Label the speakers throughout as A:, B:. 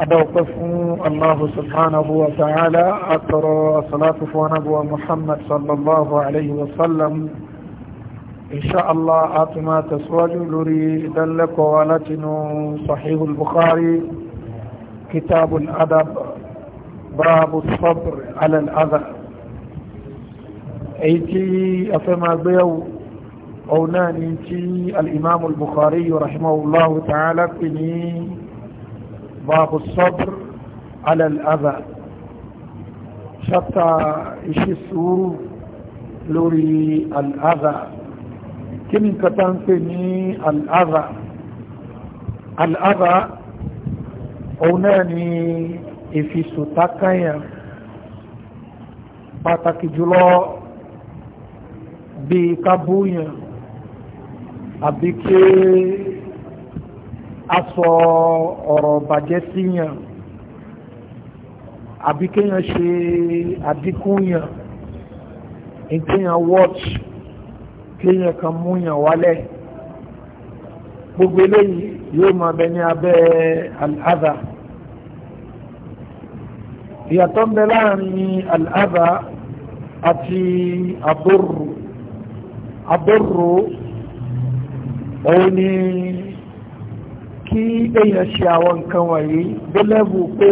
A: أدو قسم الله سبحانه وتعالى أطر صلاة ونبوة محمد صلى الله عليه وسلم إن شاء الله أتما تسواج لري دلك ولتن صحيح البخاري كتاب الأدب باب الصبر على الأذى أيتي أفما بيو أو ناني الإمام البخاري رحمه الله تعالى بني باب الصبر على الأذى شطى إشي السور لوري الأذى كم كتنفني الأذى الأذى أوناني إفي ستاكايا pàtàkì jùlọ bí kábúyàn àbí asọ ọ̀rọ̀ bàjẹ́ sí yàn àbí kéèyàn ṣe àdínkù yàn kéèyàn watch kéèyàn kan mú yàn wálẹ̀ gbogbo eléyìí yóò máa bẹ ní abẹ́ al-adha ìyàtọ̀ ń bẹ láàrin al àti àbúrò àbúrò òun ni kí èèyàn ṣe àwọn nǹkan wọ̀nyí délẹ́bù pé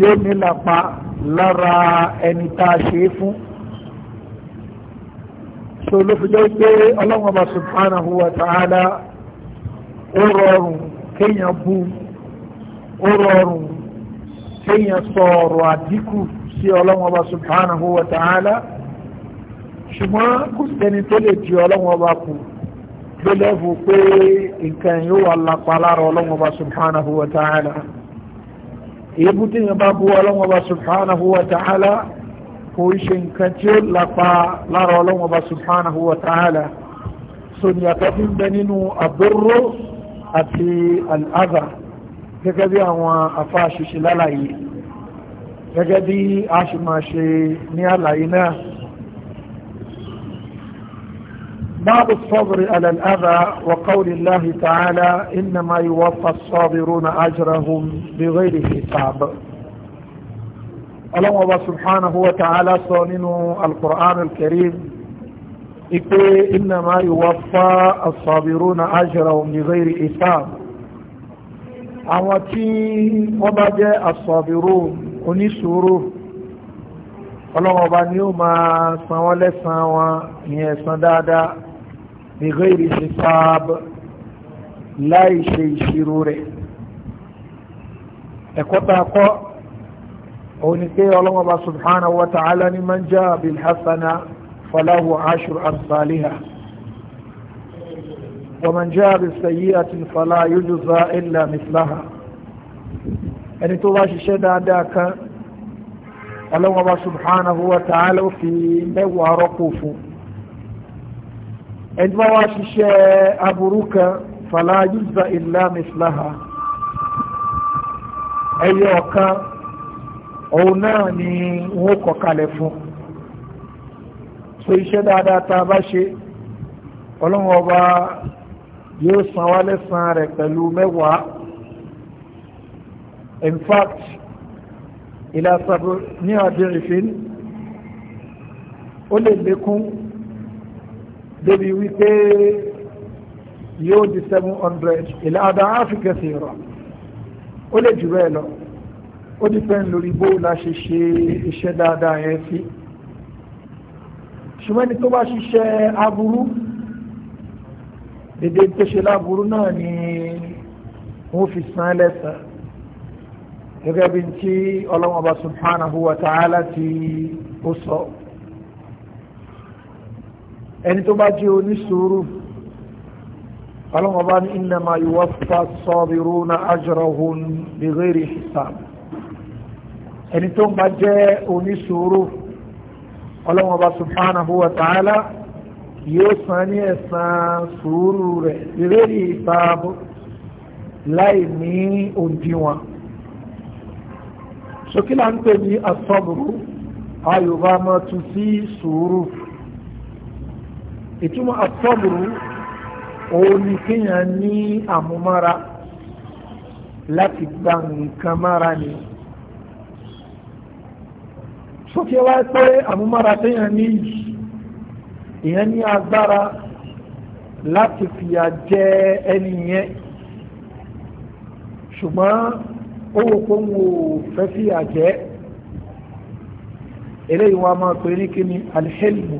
A: yóò nílapa lára ẹni tá a ṣe fún so ló fi jẹ́ pé ọlọ́run ọba subhanahu wa ta'ala ó rọrùn kéèyàn bú ó rọrùn kéèyàn sọ ọ̀rọ̀ àdínkù sí ọlọ́run ọba subhanahu wa ta'ala ṣùgbọ́n kò sẹ́ni tó lè di ọlọ́run ọba kù gbẹlẹ́fù pé nǹkan yóò wà lápá lára ọlọ́run ọba subhanahu wa ta'ala èébú tí yẹn bá bú ọlọ́run ọba subhanahu wa ta'ala kò ṣe nǹkan tí ó lápá lára ọlọ́run ọba subhanahu wa ta'ala so ni ń bẹ nínú àbúrò àti al'adha gẹ́gẹ́ bí àwọn afáṣiṣẹ́ lálàyé gẹ́gẹ́ bí a ní àlàyé náà باب الصبر على الأذى وقول الله تعالى إنما يوفى الصابرون أجرهم بغير حساب الله سبحانه وتعالى صنن القرآن الكريم إكي إنما يوفى الصابرون أجرهم بغير حساب أوتي وبجاء الصابرون ونسوره ọlọ́wọ́ ọba ni ó máa san wọn ìyẹn ẹ̀san dáadáa bighairi hisab láì ṣe ìṣirò rẹ̀ ẹ̀kọ́ tá a kọ́ òun ni pé ọlọ́mọba subhanahu wa ta'ala ni man jaa bil hasana falahu ashru amsalihah ومن جاء بالسيئة فلا يجزى إلا مثلها ẹni tó bá ṣiṣẹ́ dáadáa kan ọlọ́wọ́n bá subhanahu wa ta'ala fi mẹ́wàá rọ́pò fún un ẹni bá wá ṣiṣẹ́ aburú kan fàlá yúzà illa mislaha ẹyẹ ọ̀kan òun náà ni wọ́n kọ kalẹ̀ fún so iṣẹ́ dáadáa tá a bá ṣe ọlọ́run ọba yóò san wá lẹ́san rẹ̀ pẹ̀lú mẹ́wàá in fact ìlà sàbò ní àdéhìfín ó lè lékún débi wípé yóò di seven hundred ilẹ̀ adá áfíríkà sí rọ ó lè jù bẹ́ẹ̀ lọ ó di pẹ́ lórí bó la ṣe ṣe iṣẹ́ dáadáa yẹn sí ṣùgbọ́n ẹni tó bá ṣiṣẹ́ aburú dédé tó ṣe láburú náà ni wọ́n fi san lẹ́sàn-án gẹ́gẹ́ bí ti ọlọ́wọ́n subhanahu wa ta'ala ti ó sọ. So ẹni tó bá jẹ́ onísùúrù ọlọ́mọba ní innama yuwaffa as-sabiruna ajrahum bighayri hisab ẹni tó bá jẹ́ onísùúrù ọlọ́mọba subhanahu wa ta'ala yóò san ní ẹ̀san sùúrù rẹ̀ bighayri hisab láì ní òdiwọ̀n sókílà ń pè ní asọ́bùrù ayùbá mọ́ tu sí sùúrù ìtumọ̀ àtọ́bùrú òun ni kéèyàn ní àmúmára láti gba nǹkan mára ni sókè wá pé àmúmára kéèyàn ní ìyẹn ní agbára láti fìyà jẹ ẹni yẹn ṣùgbọ́n owó kóhùn fẹ́ fìyà jẹ eléyìí wọn a máa pè ní kíni alhélmù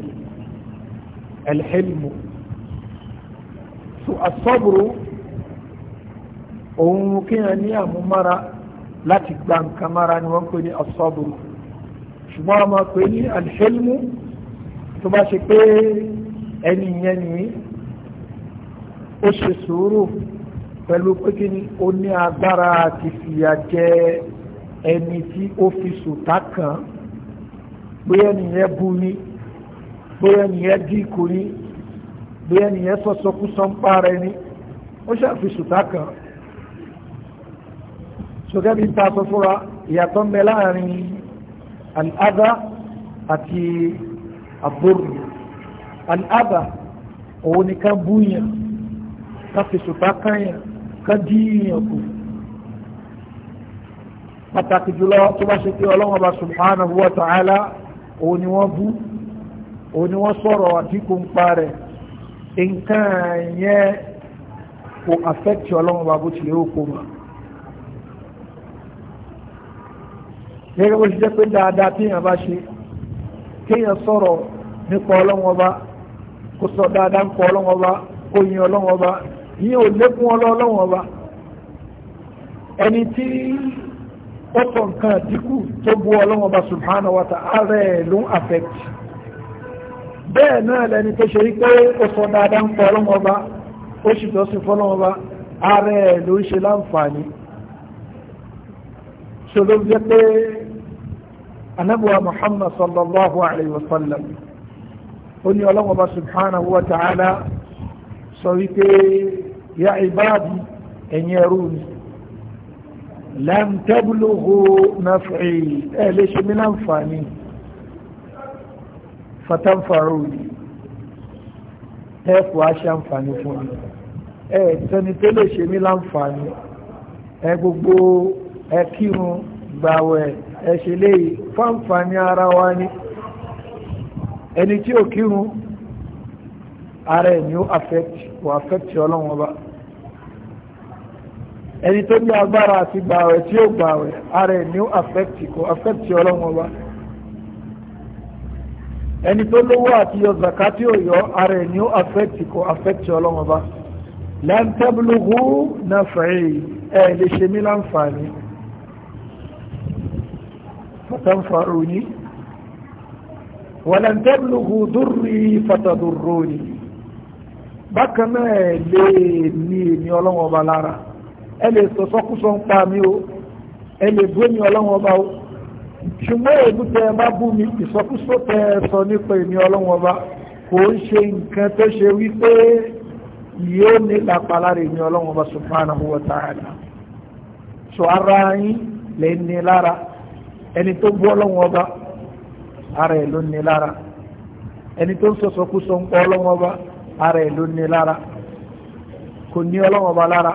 A: alhilmu so asọ́bùrù òun kíyàn ní àmúmára láti gba nǹkan mára ni wọ́n pè ní asọ́bùrù ṣùgbọ́n a máa pè ní alhilmu tó bá ṣe pé ẹni yẹn ni ó ṣe sùúrù pẹ̀lú pé kí ni ó ní agbára àti fìyà jẹ ẹni tí ó fi sùtá kàn bóyá ẹni yẹn bu ni bóyá nìyẹn díkù ní bóyá nìyẹn sọ́sọ́kú sọ́npá rẹ ní ó ṣàfi sùtá kan ṣùgbọ́n bí ta sọ fúnra ìyàtọ̀ ń bẹ láàrin al'ada àti àbúrò al'ada òun ni ká búyàn ká fi sùtá kányàn ká díyàn kù pàtàkì jùlọ tó bá ṣe pé ọlọ́wọ́n bá subhanahu wa ta'ala òun ni wọ́n bú o ni wọ́n sọ̀rọ̀ àdínkù ń rẹ̀ nǹkan yẹn kò affect ọlọ́run bá bó tilẹ̀ ó ma gẹ́gẹ́ bó ṣe jẹ́ pé dáadáa téèyàn bá ṣe kéèyàn sọ̀rọ̀ nípa ọlọ́run ọba kó sọ dáadáa ń ọlọ́run ọba kó yin ọlọ́run ọba yín ò lékún ọlọ́run ọba ẹni tí ó nǹkan àdínkù tó bu ọlọ́run ọba subhanahu wa ta'ala ló ń bẹ́ẹ̀ náà lẹni tó ṣe rí pé ó sọ dáadáa ń pọ̀ ọlọ́mọba ó sì tọ́ sí fọ́lọ́mọba ààrẹ ẹ̀ ló ń ṣe láǹfààní ṣe ló jẹ́ pé anábùwà muhammad sallallahu alayhi wa sallam ó ní ọlọ́mọba subhanahu wa ta'ala sọ wípé ya ibadi ẹ̀yin ẹrú mi lam tabluhu naf'i ẹ̀ lè ṣe mí láǹfààní fatanfàrò yìí tẹ́ẹ̀kù á ṣe àǹfààní fún mi ẹ tẹni tó lè ṣe mí láǹfààní ẹ gbogbo ẹ kírun gbàwẹ̀ ẹ ṣe léyìí fáǹfààní ara wa ni ẹni tí ò kírun ara ẹ̀ ni ó affect kò affect ọlọ́wọ́n bá ẹni tó ní agbára àti gbàwẹ̀ tí ó gbàwẹ̀ ara ẹ̀ ni ó affect kò affect ọlọ́wọ́n bá ẹni tó lówó àti yọ zakati òyọ ara ẹni ó affect kò affect ọlọ́wọ́n bá lantabluhu nafẹ̀ẹ́ ẹ̀ lè ṣe mí láǹfààní fatanfaruni walantabluhu durri fatadurruni bákan náà ẹ̀ lè ní èmi ọlọ́wọ́n bá lára ẹ lè sọ sọ́kúsọ́ ń pa mí o ẹ lè bú èmi ọlọ́wọ́n bá o ṣùgbọ́n èébú tẹ ẹ bá bú mi ìsọkúsọ tẹ ẹ sọ nípa èmi ọlọ́wọ́n ọba kò ń ṣe nǹkan tó ṣe wípé yóò ní lápá lára èmi ọlọ́wọ́n ọba subhanahu wa ta'ala sọ ara yín lè ní lára ẹni tó bú ọlọ́wọ́n ọba ara ẹ̀ ló ní lára ẹni tó ń sọ̀sọ̀kúsọ ń pọ̀ ọlọ́wọ́n ọba ara ẹ̀ ló ní lára kò ní ọlọ́wọ́n ọba lára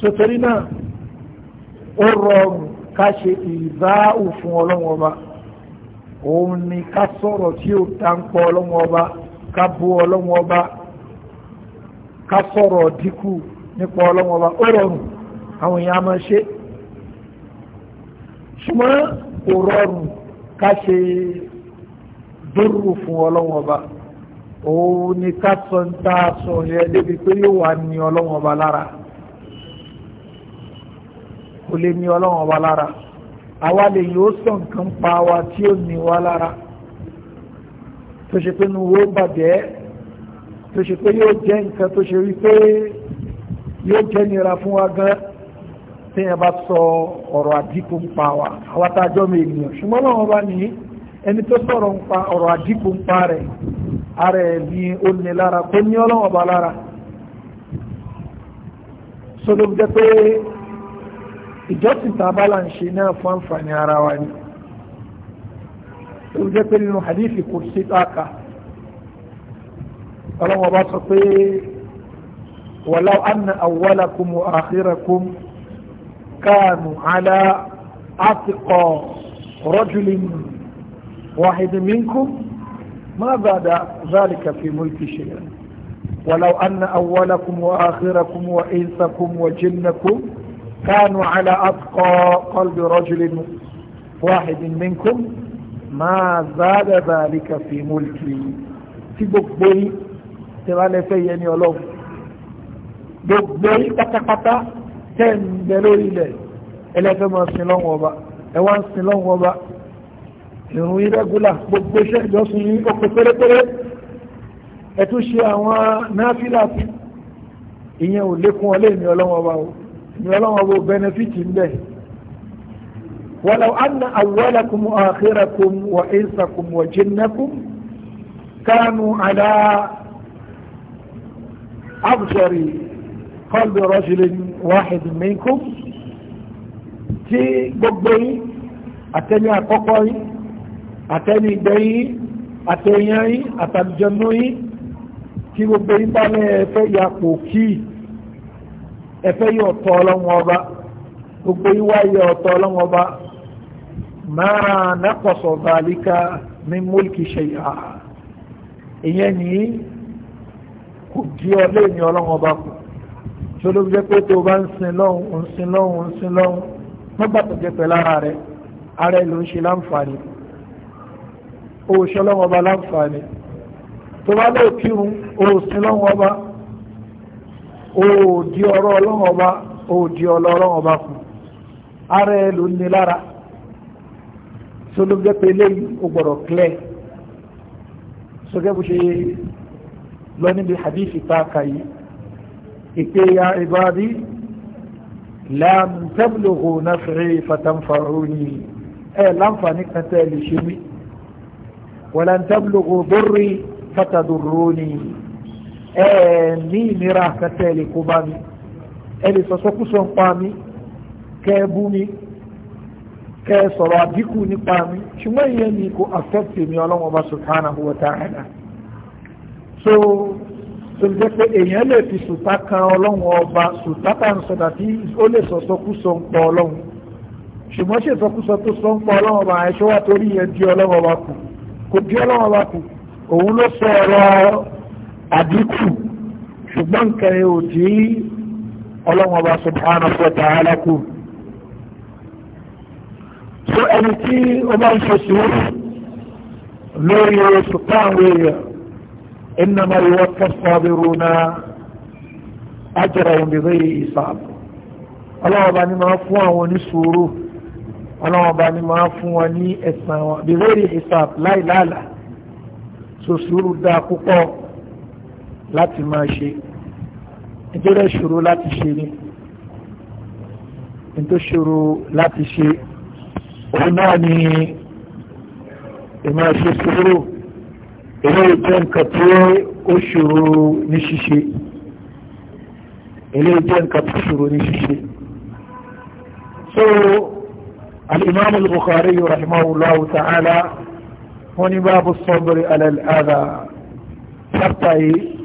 A: sọtẹ́rí náà
B: ó rọrùn
A: ká ṣe ìbáhù fún ọlọ́wọ́n ọba òun ni ká sọ̀rọ̀ tí ó ta ń pọ̀ ọlọ́wọ́n ọba ká bú ọlọ́wọ́n ọba ká sọ̀rọ̀ dínkù nípa ọlọ́wọ́n ọba ó rọrùn àwọn èèyàn máa ṣe ṣùgbọ́n kò rọrùn ká ṣe dúró fún ọlọ́wọ́n ọba òun ni ká sọ ń ta sọ yẹn débi pé yóò wà ní ọlọ́wọ́n ọba lára kò lè ní ọlọ́run ọba lára àwa lè yóò sọ nǹkan pa wa tí ó ní wa lára tó ṣe pé nu owó bàjẹ́ tó ṣe pé yóò jẹ́ nǹkan tó ṣe rí pé yóò jẹ́ nira fún wa gan téèyàn bá sọ ọ̀rọ̀ àdínkù ń pa wa àwa tá a jọ́ mi ènìyàn ṣùgbọ́n ọlọ́run ọba nìyí ẹni tó sọ̀rọ̀ ń pa ọ̀rọ̀ àdínkù ń pa rẹ̀ ara ẹ̀ ní ó lára kó ní ọlọ́run ọba lára sọlọ́m jẹ́ pé ìjọsìn tàbálà ń ṣe náà fún àǹfààní ara wa ni ó jẹ́ pé nínú hadithi kò sí tààkà ọlọ́wọ́ bá sọ pé walau anna awwalakum wa akhirakum kanu ala atqa rajulin واحد منكم ما بعد ذلك في ملك شيئا ولو أن أولكم وآخركم وإنسكم وجنكم كانوا على أتقى قلب رجل واحد منكم ما زاد ذلك في ملكي في بقبي تبالي في يعني ولو بقبي قطع تن دلولي لي إلا فما سنلون وبا ẹwà ń sin lọ́wọ́ ọba ìrùn irẹ́gúlà gbogbo iṣẹ́ ìjọsìn yìí ó kò pérépéré ẹ̀tún ṣe àwọn náfílà ìyẹn ò lékún ọlé ìmì ọlọ́wọ́ ọba o ni ọlọ́wọ́n bó bẹnẹfìtì ń bẹ̀. walau anna awwalakum wa akhirakum wa insakum wa jinnakum kanu ala absari qalbi rajulin wahid minkum tí gbogbo yín àtẹni àkọ́kọ́ yín àtẹni ìgbẹ̀yìn àtẹ̀yìn yín àtàlùjọ́nú yín tí gbogbo yín bá lẹ́ẹ̀fẹ́ yàpò kíì ẹ̀fẹ́ yóò tọ́ ọlọ́run ọba gbogbo yín wá yẹ ọ̀tọ́ ọlọ́run ọba máa nàkọ̀sọ̀ bàálíkà ní múlìkì ṣẹ̀yà ìyẹn ní kò di ọlẹ́ ní ọlọ́run ọba kù tó ló jẹ́ pé tó bá ń sin lọ́hùn ń sin lọ́hùn ń sin lọ́hùn nígbà tó jẹ́ pé lára rẹ̀ ara ẹ̀ ló ń ṣe láǹfààní owó ṣọlọ́run ọba láǹfààní tó bá lóò òòsìn lọ́hùn ọba òòdì ọ̀rọ̀ ọlọ́run ọba òòdì ọlọ́run ọba fún ara ẹ ló ní lára tó ló jẹ́ pé léyìn ó gbọ́dọ̀ clear sọ́gẹ́ bó ṣe lọ níbi hadithi tá a kà yìí ìpè ya ibadi lam tablughu naf'i fatanfa'uni ẹ̀ láǹfààní kan tẹ́ lè ṣe mí walan tablughu durri fatadurruni ẹ ní ìnira kẹtẹ lè kó bá mi ẹ lè sọsọkúsọ ń pa mi kẹ mi kẹ sọ̀rọ̀ àdínkù nípa mi ṣùgbọ́n ìyẹn ni kò affect mi ọlọ́wọ́n bá subhanahu wa ta'ala so tó ń jẹ́ pé èèyàn lè fi sùtá kan ọlọ́wọ́n ọba sùtá tá ń sọdà tí ó lè sọsọkúsọ ń pa ọlọ́wọ́n ṣùgbọ́n ṣe sọkúsọ tó sọ ń pa ọlọ́wọ́n ọba àìṣọ́ torí yẹn di ọlọ́wọ́n ọba kù kò di ọlọ́wọ́n ọba kù òun ló sọ ọ̀rọ̀ àdínkù ṣùgbọ́n nǹkan ẹ̀ ò tí ọlọ́wọ́n bá subhanahu wa ta'ala kù so ẹni tí ó bá ń ṣe sùúrù lórí oṣù táwọn èèyàn innama yuwaffa as-sabiruna ajrahum bighayri hisab ọlọ́wọ́n bá ní máa fún àwọn oníṣòro ọlọ́wọ́n bá ní máa fún wọn ní ẹ̀san wọn bighayri hisab láìláàlà so dáa púpọ̀ láti máa ṣe nítorí ṣòro láti ṣe ni nítorí ṣòro láti ṣe òun náà ni ìmọ̀ ṣe sùúrù èyí jẹ́ nǹkan tí ó ṣòro ní ṣíṣe èyí jẹ́ nǹkan tí ó ṣòro ní ṣíṣe so al-imam al-bukhari rahimahullahu ta'ala wọ́n ní babu sabri ala al-adha chapter yìí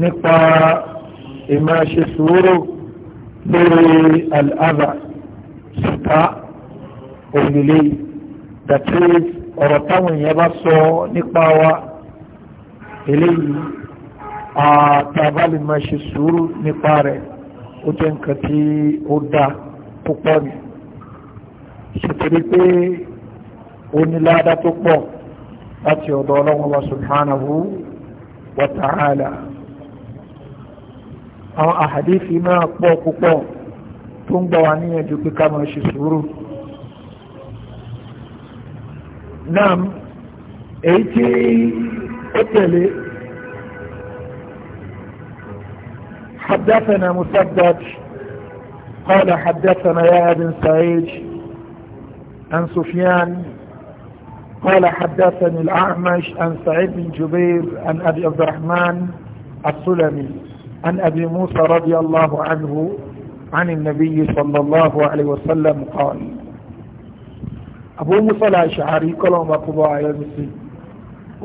A: nípa ìmọ̀ ṣe sùúrù lórí al'adha ṣùtá òlìlé dàtí ọ̀rọ̀ táwọn èèyàn bá sọ nípa wa eléyìí àtàbálì máa ṣe sùúrù nípa rẹ̀ ó jẹ́ nǹkan tí ó dá púpọ̀ ni ṣètìrí pé ó ní ládá tó pọ̀ láti ọ̀dọ̀ ọlọ́wọ́ wa subhanahu wa ta'ala. ala àwọn àhàdífì náà pọ̀ púpọ̀ tó ń gbọ́ wá níyànjú pé ká máa ṣe sùúrù náà èyí tí ó tẹ̀lé حدثنا مسدد قال حدثنا يا بن سعيد عن سفيان قال حدثني الأعمش عن سعيد بن جبير عن أبي عبد الرحمن السلمي عن أبي موسى رضي الله عنه عن النبي صلى الله عليه وسلم قال أبو موسى الأشعري قال ما قضى يا مسي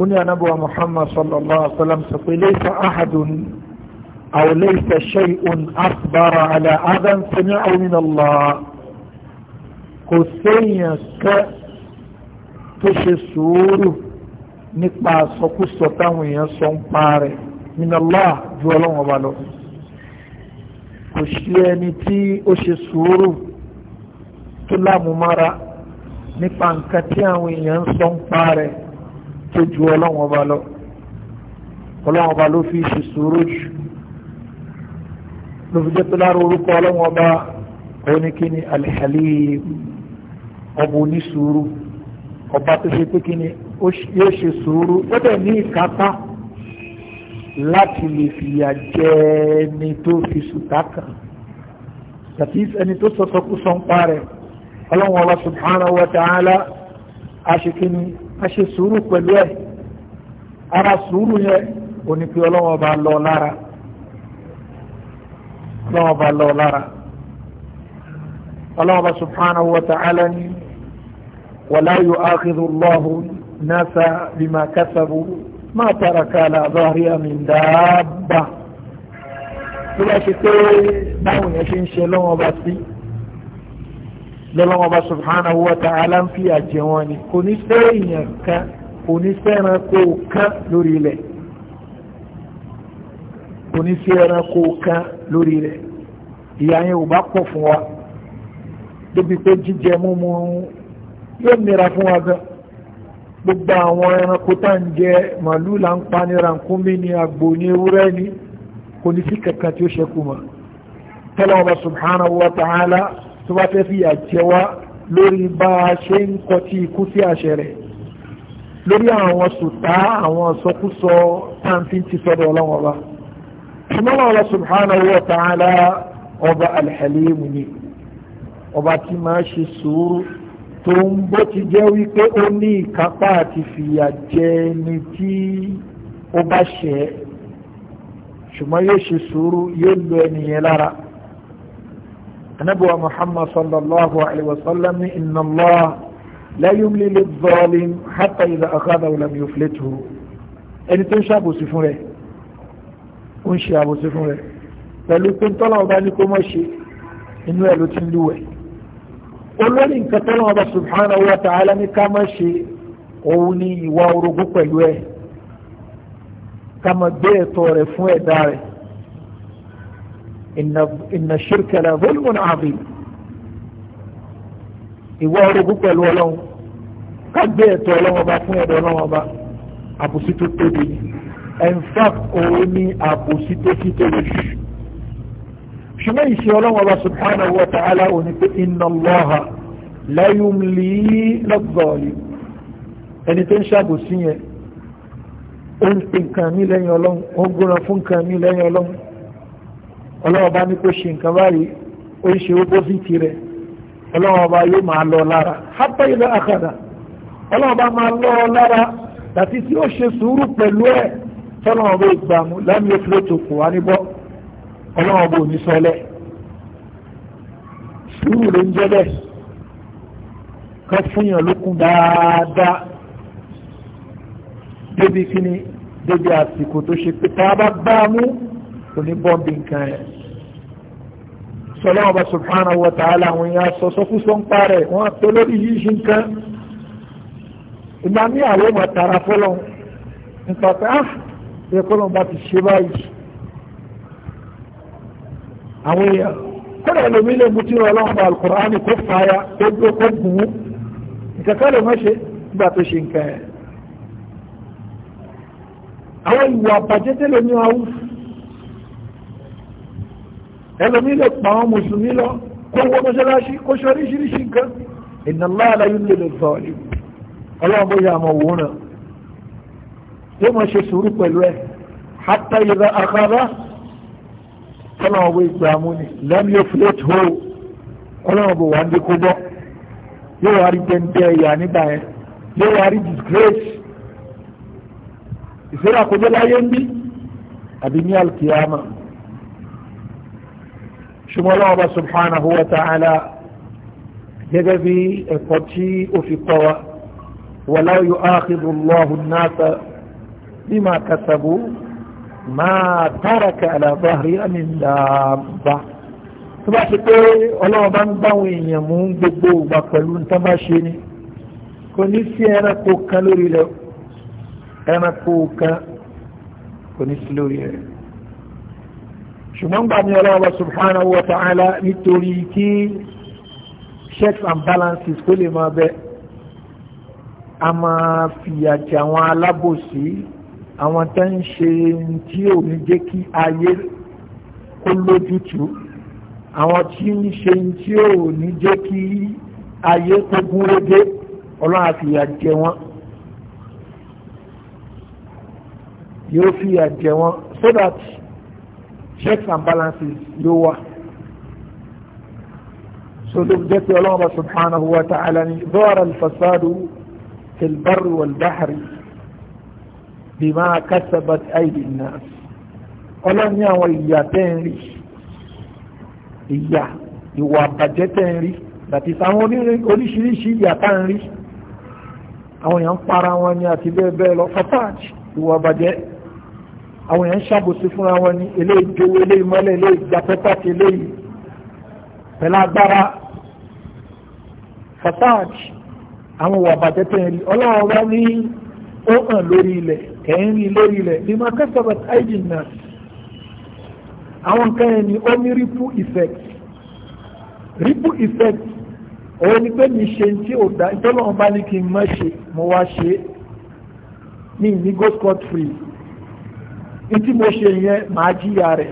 A: أني نبوة محمد صلى الله عليه وسلم سقي ليس أحد
B: أو ليس
A: شيء أخبر على أذى سمعه من الله كسين ك تشسور نقبع سقصة وينصن بارك minallah ju ọlọ́run ọba lọ kò sí ẹni tí ó ṣe sùúrù tó lámúmára nípa nǹkan tí àwọn èèyàn ń sọ ń pa rẹ̀ tó ju ọlọ́run ọba lọ ọlọ́run ọba ló fi ṣe sùúrù jù ló fi jẹ́ pé lára orúkọ ọlọ́run ọba òun ni kí ni al ọba onísùúrù ọba tó ṣe pé kí ni yóò ṣe sùúrù ó ní ìkápá láti lè fìyà jẹ ẹni tó fi sùtá kan tàbí ẹni tó sọ́sọ́kú sọ ń pa rẹ̀ ọlọ́run ọba subhanahu wa ta'ala aṣèkíní aṣe sùúrù pẹ̀lú ẹ̀ ara sùúrù yẹn ò ní pé ọlọ́run ọba lọ lára ọlọ́run ọba lọ lára ọlọ́run ọba subhanahu wa ta'ala ni wala yu'akhidhu Allahu nasa bima kasabu ما ترك على ظهرها من دابة tó bá ṣe pé báwọn yẹn ṣe ń ṣe lọ́wọ́ bá sí lọ́wọ́ bá subhanahu wa ta'ala ń fi àjẹ wọn ni kò ní fẹ́ èèyàn kan kò ní fẹ́ ẹranko kan lórí ilẹ̀ kò ní fẹ́ ẹranko kan lórí ilẹ̀ ìyá yẹn ò bá pọ̀ fún wa débi pé jíjẹ múmu yóò nira fún wa gan-an gbogbo àwọn ẹranko tá ń jẹ màálù là ń pa ní rankúnmí ní àgbò ní ewúrẹ́ ní kò ní sí kankan tí ó ṣẹ́kù mọ́ tọ́lọ́ ọba subhanahu wa ta'ala tó bá fẹ́ fi àjẹ lórí bá a ṣe ń kọtí ikú sí àṣẹ rẹ̀ lórí àwọn sùtá àwọn sọkúsọ táǹfin ti sọ́dọ̀ ọlọ́wọ́n ọba ṣùgbọ́n ọba subhanahu wa ta'ala ọba alhalimu ni ọba tí máa ṣe sùúrù tó ń bó ti jẹ́ wípé ó ní ìkápá àti fìyà jẹ ẹni tí ó bá ṣẹ̀ ẹ́ ṣùgbọ́n yóò ṣe sùúrù yóò lo ẹnìyẹn lára anabuwa muhammad sallallahu alaihi wasallam ní inna allah la yumlilu adh-dhalim hatta idha akhadhahu lam ẹni tó ń ṣàbòsí fún rẹ̀ ó ń ṣe àbòsí fún rẹ̀ pẹ̀lú pé ń tọ́lá ọba ní kó mọ̀ ṣe inú ẹ̀ ló ti ń lúwẹ̀ẹ́ olórí nǹkan tó lọ́wọ́ bá subhanahu wa ta'ala ní ká má ṣe òun ní ìwà orogún pẹ̀lú ẹ̀ ká má gbé ẹ̀tọ́ rẹ̀ fún ẹ̀dá rẹ̀ inna shirka la zulmun azim ìwà orogún pẹ̀lú ọlọ́run ká gbé ẹ̀tọ́ ọlọ́wọ́ bá fún ẹ̀dá ọlọ́wọ́ bá àbòsí tó tóbi in fact òun ní àbòsí tó tóbi ṣùgbọ́n ìṣe ọlọ́run ọba subhanahu wa ta'ala òní pé inna Allaha la yumli lọ́gbọ̀ọ̀lì ẹni tó ń ṣàbòsí yẹn ó ń pe nǹkan mi lẹ́yìn ọlọ́run ó ń gúnra fún nǹkan mi lẹ́yìn ọlọ́run ọlọ́run ọba ní kó ṣe nǹkan báyìí ó ń ṣe opposite rẹ̀ ọlọ́run ọba yóò máa lọ lára hatta idha akhadha
B: ọlọ́run ọba máa lọ lára
A: tàbí tí ó ṣe sùúrù pẹ̀lú ẹ̀ tọ́lọ́run ọba ìgbàmù lam yuflitu kò wá níbọ̀ ọlọ́wọ́n bò ní sọlẹ̀ sùúrù ló ń jẹ́ bẹ́ẹ̀ ká fúnyàn lókun dáadáa débi kíni débi àsìkò tó ṣe pé tá a bá bá a mú òní bọ́m̀bì nǹkan yẹn sọlọ́wọ́n bá subhanahu wa ta'ala àwọn èèyàn sọ sọkúsọ ń parẹ́ wọ́n tó lórí yìí ṣe nǹkan ìgbà míì àwọn ọmọ tara fọlọ́n nípa pé ah ẹ̀kọ́ lọ́n bá ti ṣe báyìí àwọn èèyàn kọ́nà ẹlòmí lè mú tí ó ọlọ́run bá alkùnránì kó fàáyà tó gbé kó gùn ún ìkẹ́kẹ́ lè mọ́ṣe nígbà tó ṣe nǹkan ẹ̀ àwọn ìwà àbàjẹ́ tẹ́lẹ̀ ní awú ẹlòmí lè pa àwọn mùsùlùmí lọ kó wọ́n mọ́ṣáláṣí kó ṣe oríṣiríṣi nǹkan innallaha la yudhillu adh-dhalimin ọlọ́run bóyá àmọ̀ òun náà yóò sùúrù pẹ̀lú ẹ̀ hatta idha akhadha ọlọ́run bó ìgbà mú ni lẹ́nu yóò fúlẹ̀tì hó ọlọ́run bó wà ń dé kó bọ́ yóò wá rí tẹ́ntẹ́ ẹ̀yà nígbà yẹn yóò wá rí disgrace ìṣẹ́lẹ̀ àkójọ láyé ń bí àbí ní alkiyama ṣùgbọ́n ọlọ́run bá subhanahu wa ta'ala gẹ́gẹ́ bí ẹ̀kọ́ tí ó fi kọ́ wa wàláwù yóò áàkìdù lọ́hùn náà bima máa táraka ala dhahri min dabba tó bá ti pé ọlọ́wọ́ bá ń báwọn èèyàn mú gbogbo ìgbà pẹ̀lú nǹkan bá ṣe ni kò ní sí ẹranko kan lórí rẹ ẹranko kan kò ní sí lórí rẹ ṣùgbọ́n gbà ní ọlọ́wọ́ subhanahu wa ta'ala nítorí kí checks and balances kó lè máa bẹ a máa fìyà jẹ àwọn alábòsí àwọn tó ń ṣe tí ò ní jẹ́ kí ayé kó lójútùú àwọn tí ń ṣe tí ò ní jẹ́ kí ayé kó gún régé ọlọ́run àfìyà jẹ wọ́n yóò fìyà jẹ wọ́n so that checks and balances yóò wà so ló jẹ́ pé ọlọ́run subhanahu wa ta'ala ni zọ́ọ̀rọ̀ alfasadu fil barri bímá kásábàt àìdì náà ọlọ́ni àwọn ìyà tẹ́ ń rí ìyà ìwà àbàjẹ́ tẹ́ ń rí àti àwọn oríṣiríṣi ìyà tá ń rí àwọn èèyàn ń para wọn ni àti bẹ́ẹ̀ bẹ́ẹ̀ lọ fataj ìwà àbàjẹ́ àwọn èèyàn ń ṣàbòsí fúnra wọn ni eléyìí jowó eléyìí mọ́lẹ̀ eléyìí gbapẹ́pà ti eléyìí pẹ̀lú àwọn ìwà àbàjẹ́ tẹ́ ọlọ́run wá ní ó hàn lórí ilẹ̀ ẹ̀yìn ní lórí ilẹ̀ ní ma kasabat aidin náà àwọn nǹkan yẹn ni ó ní ripple effect ripple effect òun ni pé mi ṣe tí ò dá ìtọ́lọ́wọ́n bá ní kí n má ṣe mo wá ṣe ní ní go scot free ní tí mo ṣe yẹn màá jìyà rẹ̀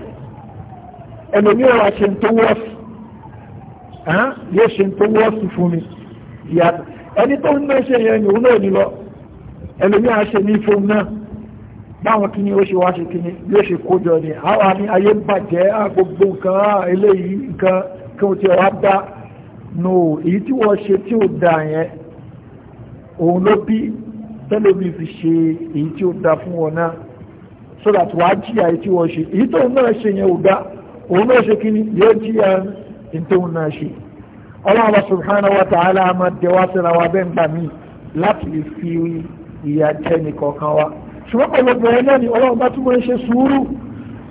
A: ẹlòmíràn wa ṣe ń tó wọ́ọ̀sì yóò ṣe ń tó wọ́ọ̀sì mi ìyàtọ̀ ẹni tó ń náà ṣe yẹn ni òun náà ní lọ ẹlòmíràn ṣe ní fóun náà báwọn kí ni ó ṣe wá ṣe kí ni yóò ṣe kójọ ni àwa ní ayé bàjẹ́ gbogbo nǹkan eléyìí nǹkan kí wọ́n ti wá dá no èyí tí wọ́n ṣe tí ó dá yẹn òun ló bí tẹ́lómi fi ṣe èyí tí ó dá fún wọn náà so that wàá jìyà èyí tí wọ́n ṣe èyí tó náà ṣe yẹn ò dá òun náà ṣe kí ni yóò jìyà èyí tó náà ṣe Allah subhanahu wa ta'ala máa dẹwà síra wa bẹ́ẹ̀ gbà mí láti fi ìyà jẹ́ nìkọ̀ọ̀kan wa ṣùgbọ́n pọ̀lọpọ̀ ẹ̀ náà ni ọlọ́run bá túnmọ̀ ṣe sùúrù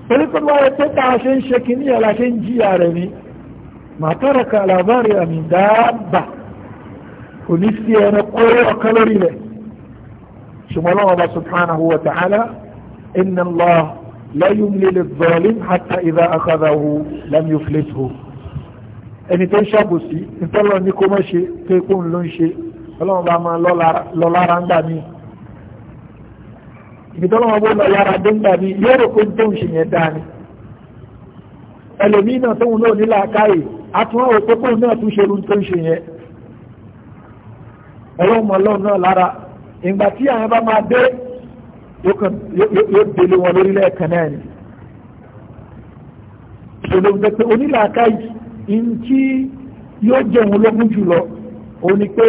A: pẹ̀lú pé wọ́n pé tá a ṣe ń ṣe kìíní ẹ̀ la ṣe ń jìyà rẹ̀ ni màtàrà kan àlàbárì àmì dáàbà kò ní sí ẹran kó ọkàn lórí rẹ̀ ṣùgbọ́n ọlọ́run bá subhanahu wa ta'ala inna Allah la yumli lidh-dhalim hatta idha akhadhahu lam yuflithu ẹni tó ń ṣàbòsí ìtọ́lọ́ ní kó mọ́ ṣe pé kóun ló ń ṣe ọlọ́run bá máa lọ lára ń gbà míì ibi tọ́lọ́wọ́ bó lọ yára dé ńgbà ní yóò rò pé tóun ṣe yẹn dáa ni ẹlòmíì náà tóun náà nílà káyè àtúnwá òpó kóun náà tún ṣe irú tó ń ṣe yẹn ọlọ́run ọlọ́run náà lára ìgbà tí àwọn bá máa dé yóò délé wọn lórílẹ̀ ẹ̀kan náà ni ìṣòro ń pẹ́ onílà káyè ní tí yóò jẹun lógún jùlọ òun ni pé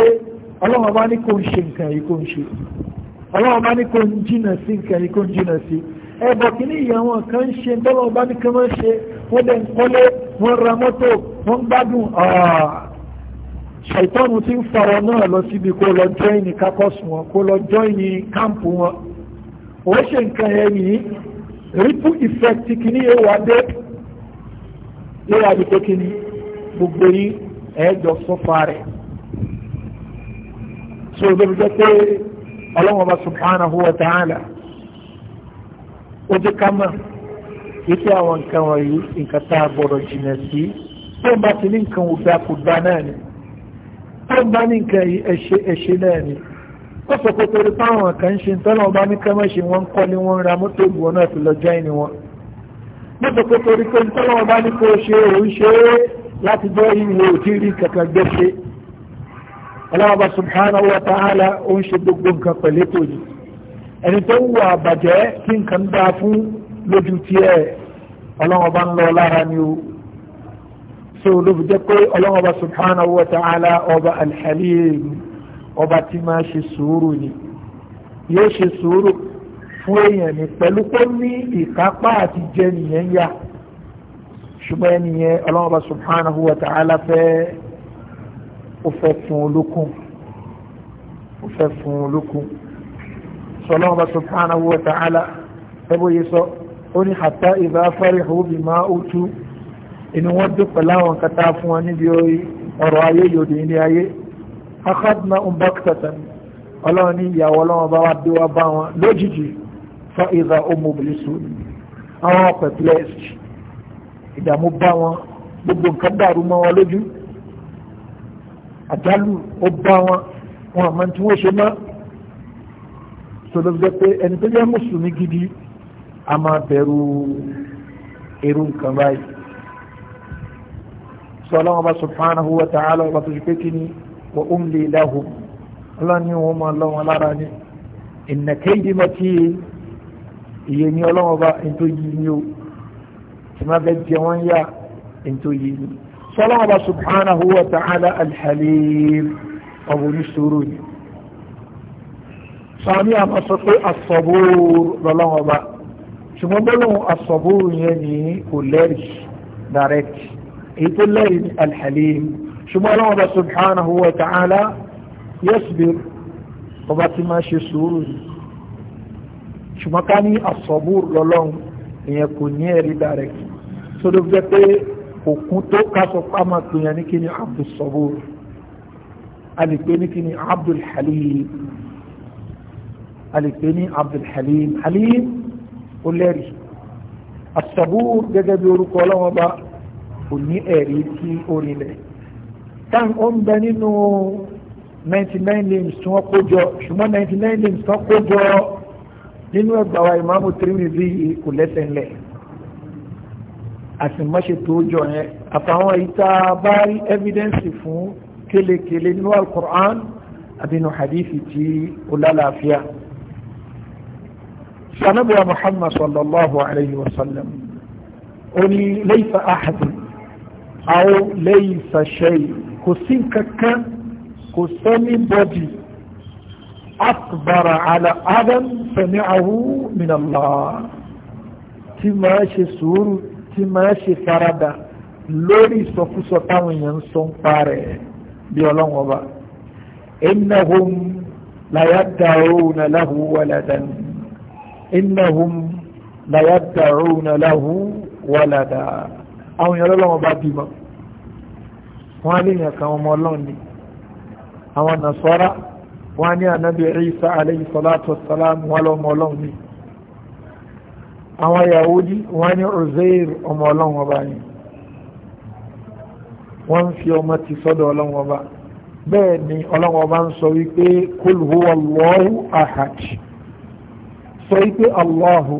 A: ọlọ́run ọba ní kò ń ṣe nǹkan yìí kò ń ṣe ọlọ́wọ́ bá ní kó ń jìnà sí nǹkan ní kó ń jìnà sí ẹbọ kìíní ìyàwó kan ń ṣe tọ́lọ́wọ́ bá ní kí wọ́n ṣe wọ́n dẹ̀ ń kọ́lé wọ́n ra mọ́tò wọ́n gbádùn ah! ṣàìtọ́nù tí ń fọwọ́ náà lọ síbi kó lọ jọ́ìnì kákọ́sù wọn kó lọ jọ́ìnì káàmpù wọn ó ṣe nǹkan yẹn yìí ripple effect kìíní yóò wá dé yóò kìíní gbogbo yìí ẹ̀ẹ́dọ̀ sọ́fà rẹ̀ so lóbi jẹ́ pé ọlọ́wọ́n bá subhanahu wa ta'ala ó jẹ́ ká mọ̀ wípé àwọn nǹkan wọ̀nyí nǹkan tá a gbọ́dọ̀ jìnà sí tó ń bá ti ní nǹkan òdà kò dá náà ni tó ń bá ní nǹkan yìí ẹ̀ṣẹ̀ ẹ̀ṣẹ̀ náà ni ó sọ pé torí táwọn kan ṣe ń tọ́lọ́ bá ní kẹ́mẹ́ṣe wọn ń kọ́ ni wọ́n ń ra mọ́tò ìwọ náà fi lọ jọ́ìn wọn ó sọ pé torí pé tọ́lọ́ bá ní kó ṣe òun ṣe láti jọ́ ìwé òtí rí ọlọ́ọ̀bá subhanahu wa ta'ala ó ń ṣe gbogbo nǹkan pẹ̀lú ètò yìí ẹni tó ń wà àbàjẹ́ kí nǹkan dá fún lójú tiẹ̀ ọlọ́ọ̀bá ń lọ lára ni o so ló fi jẹ́ pé ọlọ́ọ̀bá subhanahu wa ta'ala ọba alhalim ọba tí máa ṣe sùúrù ni yóò ṣe sùúrù fún èèyàn ní pẹ̀lú pé ní ìkápá àti jẹ nìyẹn yá ṣùgbọ́n ẹnìyẹn ọlọ́ọ̀bá subhanahu wa ta'ala fẹ́ẹ́ ó fẹ́ fún olókun ó fẹ́ fún olókun sọlá ọba subhanahu wa ta'ala ẹbú yìí sọ ó ní hatta idha farihu bima utu inú wọn dùn pẹ̀lú àwọn kata fún wọn níbi ọ̀rọ̀ ayé yòdì ilé ayé akhadna um baktatan ní ìyàwó ọlọ́run bá wá dé wá bá wọn lójijì fa idha omo bilisu àwọn perplexed ìdààmú bá wọn gbogbo nǹkan dàrú mọ́ wọn lójú àjálù ó bá wọn wọn àmọ́ tí wọ́n ṣe mọ́ tòlóbi jẹ́ pé ẹni tó jẹ́ mùsùlùmí gidi a máa bẹ̀rù irú nǹkan báyìí sọlá wọn bá subhanahu wa ta'ala wọn bá tó ṣe pé kí ni wa umli lahum ọlọ́ni wọn máa lọ wọn lára ni inna kaydi matin iye ni ọlọ́wọ́n bá ètò yìí ni o tí máa fẹ́ jẹ wọ́n yá ètò yìí ni sọlọ́wọ́ba subhanahu wa ta'ala alhalim ọ̀bùnú sùúrù ni sàmì àmọ́ sọ pé asọ̀bùrù lọ́lọ́wọ́ba ṣùgbọ́n gbólóhùn asọ̀bùrù yẹn ni kò lẹ́rìí direct èyí tó lẹ́rìí ni alhalim ṣùgbọ́n ọlọ́wọ́ba subhanahu wa ta'ala yasbir ọba tí máa ṣe sùúrù ni ṣùgbọ́n ká ní asọ̀bùrù lọ́lọ́wọ́ òkú tó kásọ pàmà tó yẹn ní kí ni Abdul Sabur alìpé ní kí ni Abdul Halim alìpé ní Abdul Halim Halim ó lẹ́rì As-Sabur gẹ́gẹ́ bí orúkọ ọlọ́wọ́n bá kò ní ẹ̀rí tí ó rinlẹ̀ táwọn ó ń bẹ nínú ninety nine names tí wọ́n kó jọ ṣùgbọ́n ninety nine names tí wọ́n kó jọ nínú ẹgbàá wa ìmáàmù Tirmidhi kò lẹ́sẹ̀ ńlẹ̀ àti mọ́ṣe tó jọ yẹn àtàwọn ìta bá rí evidence fún kélekèlé nínú al-Qur'an àbínú hadithi tí ó lálàáfíà sanabuwa muhammad sallallahu alayhi wa sallam ó ní laysa ahadun aw laysa shay kò sí kankan kò sẹ́ni bọ́dì akbara ala adam sami'ahu min Allah tí máa ṣe sùúrù ti máa ṣe farada lórí ìsọkúsọ táwọn èèyàn ń sọ ń pa rẹ̀ bí ọlọ́run ọba innahum la yad'una lahu waladan innahum la yad'una lahu walada àwọn èèyàn ọlọ́run ọba bímọ wọ́n á léèyàn kan ọmọ ọlọ́run ni àwọn nàṣọ́ra wọ́n á ní ànábì Isa alayhi salatu wassalam wọn lọ́mọ ọlọ́run ni àwọn yahudi wọ́n ní uzair ọmọ ọlọ́run ọba ni wọ́n ń fi ọmọ ti sọ́dọ̀ ọlọ́run ọba bẹ́ẹ̀ ni ọlọ́run ọba ń sọ wípé kul huwa ahad sọ wípé allahu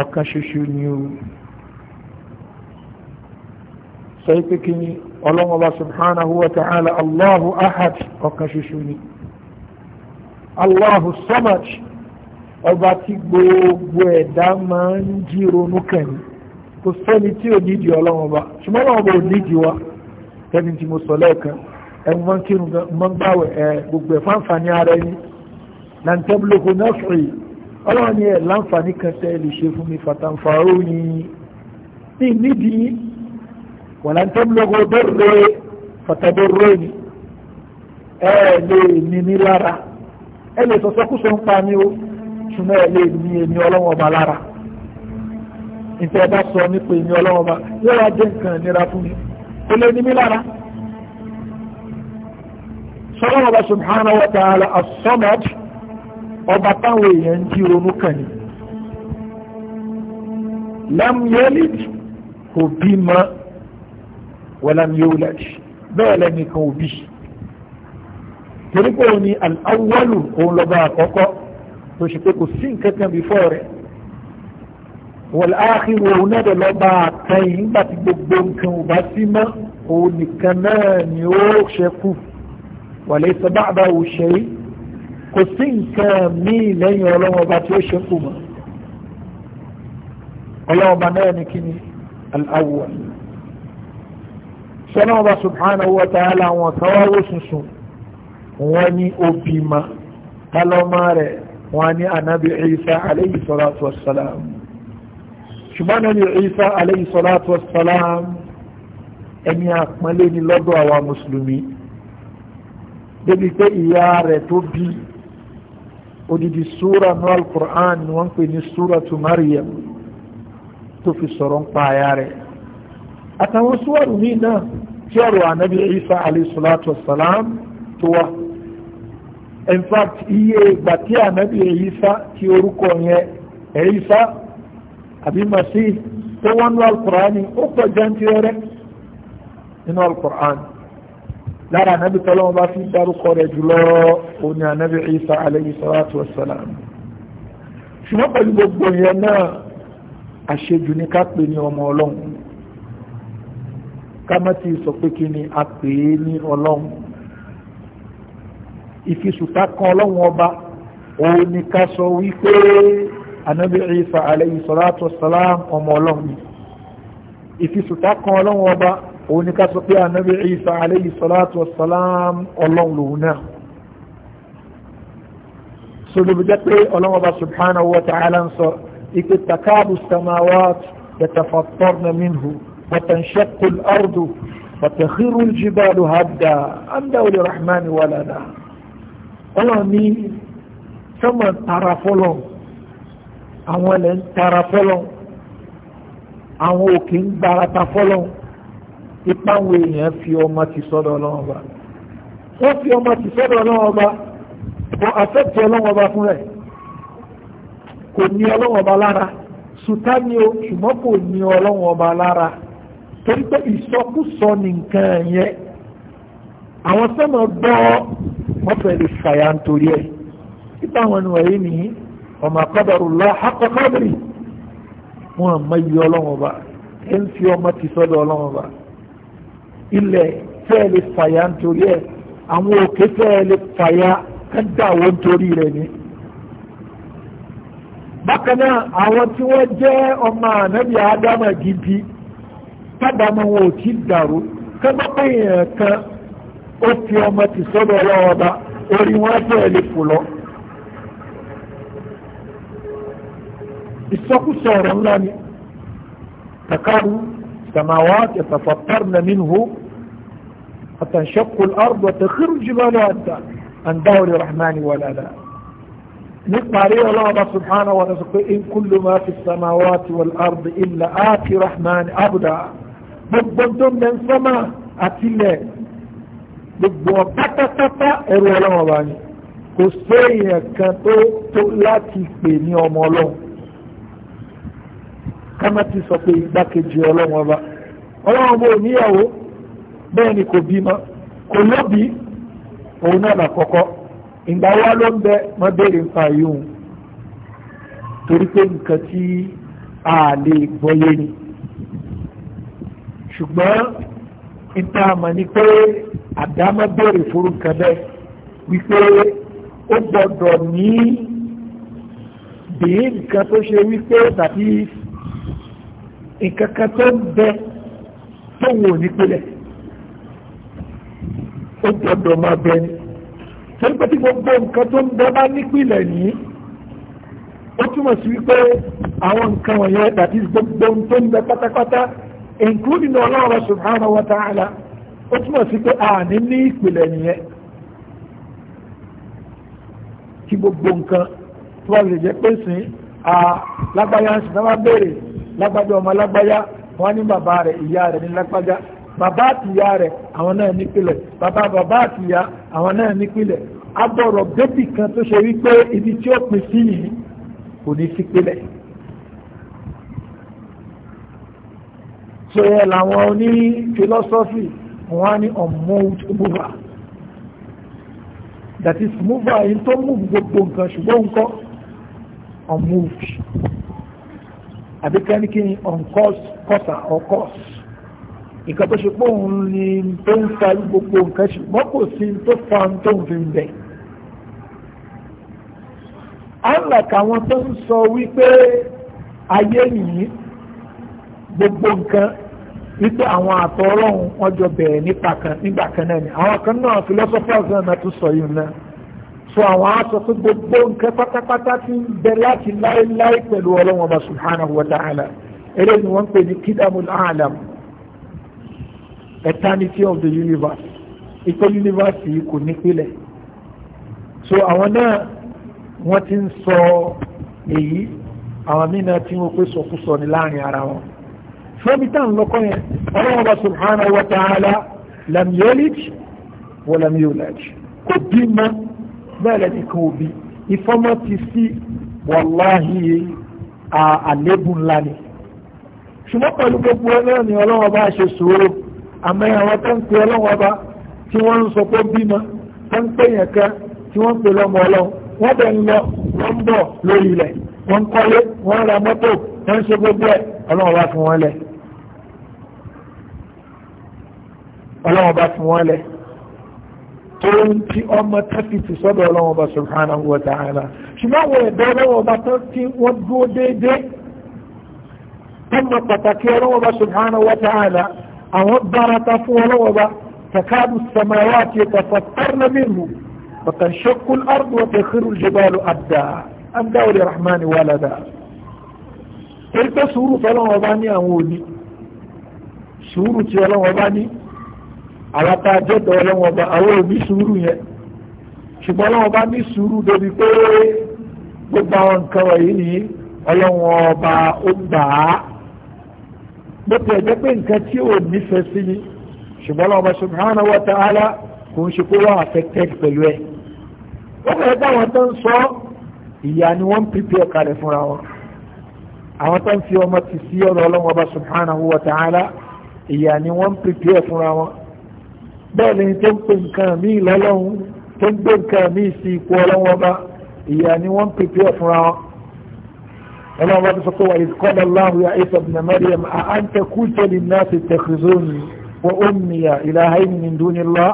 A: ọ̀kan ṣoṣo ni o sọ wípé kí ni ọlọ́run ọba subhanahu wa ta'ala allahu ahad ọ̀kan ṣoṣo ni allahu samad ọba tí gbogbo ẹ̀dá máa ń jí ronú kẹ̀mí kò sẹ́ni tí ò nídìí ọlọ́run ọba ṣùgbọ́n ọlọ́run ọba ò nídìí wa tẹ́ni tí mo sọ lẹ́ẹ̀kan ẹ̀mú máa ń kírun máa ń gbàwẹ̀ ẹ̀ gbogbo ẹ̀ fáǹfààní ara ẹni làǹtẹ́bùlòkò náà fìrì ọlọ́run ni ẹ̀ láǹfààní kan tẹ́ ẹ lè ṣe fún mi fàtàǹfà ó ní nídìí wà làǹtẹ́bùlòkò bẹ́ẹ̀ fàtàbọ̀rọ̀ ni ẹ lè ní lára ẹ lè sọ̀sọ́kùsọ̀ ìtumọ̀ ẹ̀ lè ní èmi ọlọ́wọ́ ọba lára nípa ẹ bá sọ nípa èmi ọlọ́wọ́ ọba yóò wá jẹ́ nǹkan ìnira fún mi kò lè ní mí lára sọ́dọ̀ ọba subhanahu wa ta'ala as-samad ọba táwọn èèyàn ń jí ronú kàn ní lam yalid kò bímọ walam yulad bẹ́ẹ̀ lẹ́nìkan òbí torí pé òun ni al-awwalu òun lọ́ba àkọ́kọ́ tó ṣe pé kò sí nǹkan kan bífọ́ rẹ̀ wọ́n láàrin òun náà lọ bá àkàyìn nígbà tí gbogbo nǹkan ò bá sí mọ́ òun nìkan náà ni ó ṣẹkù wà lè sọ bàbá ò ṣe é kò sí nǹkan míì lẹ́yìn ọlọ́wọ́n ọba tí ó ṣẹkù mọ́ ọlọ́wọ́n ọba náà ni kí ni al-awwal ọba subhanahu wa ta'ala wọn káwáwó sunsun wọn ni ó bímọ tálọ́mọ rẹ̀ wọ́n ní anábì isa alayhi salatu wassalam ṣùgbọ́n anábì isa alayhi salatu wassalam ẹni àpọ́nlé ni lọ́dọ̀ àwa mùsùlùmí débi pé ìyá rẹ̀ tó bí odidi súra nu al-Qur'an ni wọ́n pè ní súra tu Maryam tó fi sọ̀rọ̀ ń pa rẹ̀ àtàwọn súwárù míì náà tí ọ̀rọ̀ in fact iye ìgbà tí ànábì Ìsá tí orúkọ yẹn Ìsá àbí Masih tó wọ́n ní alukur'ani ó pọ̀ jẹ́ntìrẹ́rẹ́ nínú alukur'ani lára ànábì tọ́lọ́wọ́ bá fi dárúkọ rẹ̀ jùlọ òní ànábì Ìsá alayhi salatu wassalam ṣùgbọ́n pẹ̀lú gbogbo yẹn náà àṣejù ni ká pè ní ọmọ ọlọ́run ká má ti sọ pé kí ni a pè é ní ọlọ́run ìfisùtá kan ọlọ́run ọba òun ni ká sọ wípé anabi isa alayhi salatu wasalam ọmọ ọlọ́run ìfisùtá kan ọlọ́run ọba òun ni ká sọ pé anabi isa alayhi salatu wasalam ọlọ́run lòun náà sọlọ́bù jẹ́ pé ọlọ́run ọba subhanahu wa ta'ala ń sọ ìpè takadu samawat yatafattarna minhu watanshaqu al-ardu وتخر الجبال هدا أن دول الرحمن ولدا ọlọ́run ní sọ́mọ̀ tara fọlọ́ àwọn ẹlẹ́ ń tara fọlọ́ àwọn òkè ń gbarata fọlọ́ ipa àwọn èèyàn fi ọmọ ti sọ́dọ̀ ọlọ́run wọ́n fi ọmọ ti sọ́dọ̀ ọlọ́run wọ́n àfẹ́tì ọlọ́run fún rẹ̀ kò ní ọlọ́run lára sùtá ni o ṣùgbọ́n kò ní ọlọ́run ọba lára torí pé ìsọkúsọ wọ́n fẹ́ lè fàyà nítorí ẹ̀ nípa àwọn ni wọ̀nyí ni ọmọ qadarullah haqqa wọn àmọ́ iye ọlọ́run ọba ẹ̀ ń fi ọmọ ti sọ́dọ̀ ọlọ́run ọba ilẹ̀ fẹ́ lè fàyà nítorí ẹ̀ àwọn òkè fẹ́ lè fàyà kẹ́ńtàwó nítorí rẹ̀ ni bákanáà àwọn tí wọ́n jẹ́ ọmọ ànábì gidi tábàámọ̀ wọn
B: ó fi ọmọ
A: ti sọ́dọ̀ ọlọ́wọ́ ọba orí wọn fẹ́ lè fò lọ. ìsọkúsọ ọ̀rọ̀ ńlá ni takaru minhu الأرض وتخرج جبالها أنت عن دور الرحمن ولا لا نقم عليه الله سبحانه ونسقه إن كل ما في السماوات والأرض إلا آتي رحمن أبدا ببضم من سما أتلا gbogbo pátápátá ẹrú ọlọ́run ọba ni kò séèyàn kan tó tó láti pè ní ọmọ ọlọ́run kámá ti sọ pé igbákejì ọlọ́run ọba ọlọ́run bò níyàwó bẹ́ẹ̀ ni kò bímọ kò lóbi òun náà làkọ́kọ́ ìgbà wa ló ń bẹ mọ́ béèrè ń fa yóò torí pé nǹkan tí a lè gbọ́yé ni ṣùgbọ́n ìta àmọ́ ni pé àdámọ́ béèrè fún nǹkan bẹ́ẹ̀ wípé ó gbọ́dọ̀ ní bí nǹkan tó ṣe wípé tàbí nǹkan kan tó ń bẹ tó wò nípìnlẹ̀ ó gbọ́dọ̀ máa bẹ ni torí pé tí gbogbo nǹkan tó ń bẹ bá nípìnlẹ̀ yìí ó túmọ̀ sí wípé àwọn nǹkan wọ̀nyẹn tàbí gbogbo tó ń bẹ pátápátá including Allah subhanahu wa ta'ala ó túmọ̀ sí pé a ní ní ìpìlẹ̀ nìyẹn kí gbogbo nǹkan tó bá lè jẹ́ pé sìn a lágbáyá ń sìn náà wá béèrè lágbájá ọmọ lágbáyá wọn ní bàbá rẹ̀ ìyá rẹ̀ ní lágbájá bàbá àtìyá rẹ̀ àwọn náà nípìlẹ̀ bàbá bàbá àtìyá àwọn náà nípìlẹ̀ agbọ̀rọ̀ bébì kan tó ṣe wípé ibi tí ó pin sí yìí kò ní sípìlẹ̀. ṣe ẹ̀ làwọn oní fílọ́sọ́fì wọ́n on ní mover that is mover yìí tó move gbogbo nǹkan ṣùgbọ́n nǹkan unmoved àbí kẹ́ni kí ni uncaused causer or cause nǹkan tó ṣe pé òun ni tó ń fa gbogbo nǹkan ṣùgbọ́n kò sí tó fa tó ń fi bẹ̀. àlàkà àwọn tó ń sọ wípé ayé nìyí gbogbo nǹkan wípé àwọn àtọ̀ ọlọ́run wọ́n jọ bẹ̀rẹ̀ nígbà kan náà ni àwọn kan náà philosophers náà tún sọ yìí náà so àwọn aṣọ tó gbogbo nǹkan pátápátá ti ń bẹ láti láéláé pẹ̀lú ọlọ́run ọba subhanahu wa ta'ala eré ni wọ́n pè ní alam eternity of the universe ìpè universe yìí kò nípìlẹ̀ so àwọn náà wọ́n ti ń sọ èyí àwọn náà wọ́n ara wọn. sọ́bi tá à ń lọ́kọ́ yẹn ọlọ́run bá subhanahu wa ta'ala lam yalid wa lam yulad kò bí mọ́ bẹ́ẹ̀ lẹ́ni kan ò bí ìfọ́mọ́ ti sí wàláhì àlébù ńlá ni ṣùgbọ́n pẹ̀lú gbogbo ẹlẹ́rìn ni ọlọ́run bá ṣe sòrò àmọ́ àwọn tó ń pe ọlọ́run bá tí wọ́n ń sọ pé bímọ tó ń pè yẹn kan tí wọ́n ń pè lọ́mọ ọlọ́run wọ́n bẹ̀ ń lọ wọ́n ń bọ̀ lórí ilẹ̀ wọ́n ń kọ́lé wọ́n ń ra mọ́tò wọ́n ń ṣe gbogbo ẹ̀ ọlọ́run bá fi wọ́n lẹ̀ ọlọ́wọ́n bá fi wọ́n lẹ̀ torí tí ọmọ tẹ́fìtì sọ́dọ̀ ọlọ́wọ́n bá subhanahu wa ta'ala ṣùgbọ́n àwọn ẹ̀dọ́ ọlọ́wọ́n bá tán tí wọ́n dúró déédéé tọ́mọ pàtàkì ọlọ́wọ́n bá subhanahu wa ta'ala àwọn bárata fún ọlọ́wọ́n bá takadu samawati yatafattarna minhu wa tanshaqqu al-ardu wa takhiru al-jibalu abda an dawo li walada torí pé sùúrù tọ́lọ́wọ́n bá ní àwọn òní sùúrù tí ọlọ́wọ́n àwọn tá a jẹ́ tọ́ ọlọ́wọ́n ọba àwọn òbí sùúrù yẹn ṣùgbọ́n ọlọ́wọ́n ọba ní sùúrù débi pé gbogbo àwọn nǹkan wọ̀nyí ni ọlọ́wọ́n ọba ó gbà á bó ti ẹ̀jẹ̀ pé nǹkan tí ò nífẹ̀ẹ́ sí ni ṣùgbọ́n ọlọ́wọ́n ọba subhanahu wa ta'ala kò ń ṣe kó wà affected pẹ̀lú ẹ̀ wọ́n fẹ́ẹ́ dáwọn tó ń sọ ìyá ni wọ́n ń pípẹ́ ọ̀ka fúnra wọn àwọn tó ń fi ọmọ ti sí ọ̀rọ̀ ọlọ́wọ́n ọba subhanahu wa ta'ala ìyá ni wọ́n ń pípẹ́ fúnra wọn bẹ́ẹ̀ ni tó ń pè nǹkan mí lọ́lọ́run tó ń gbé nǹkan mí sí ipò ọlọ́run ọba ìyà ni wọ́n ń pèpè ọ̀fúnra wọn ọlọ́run ọba tó sọ pé wà idh qala Allahu ya Isa ibn Maryam a anta qulta linnasi ittakhizuni wa ummiya ilahayni min dunillah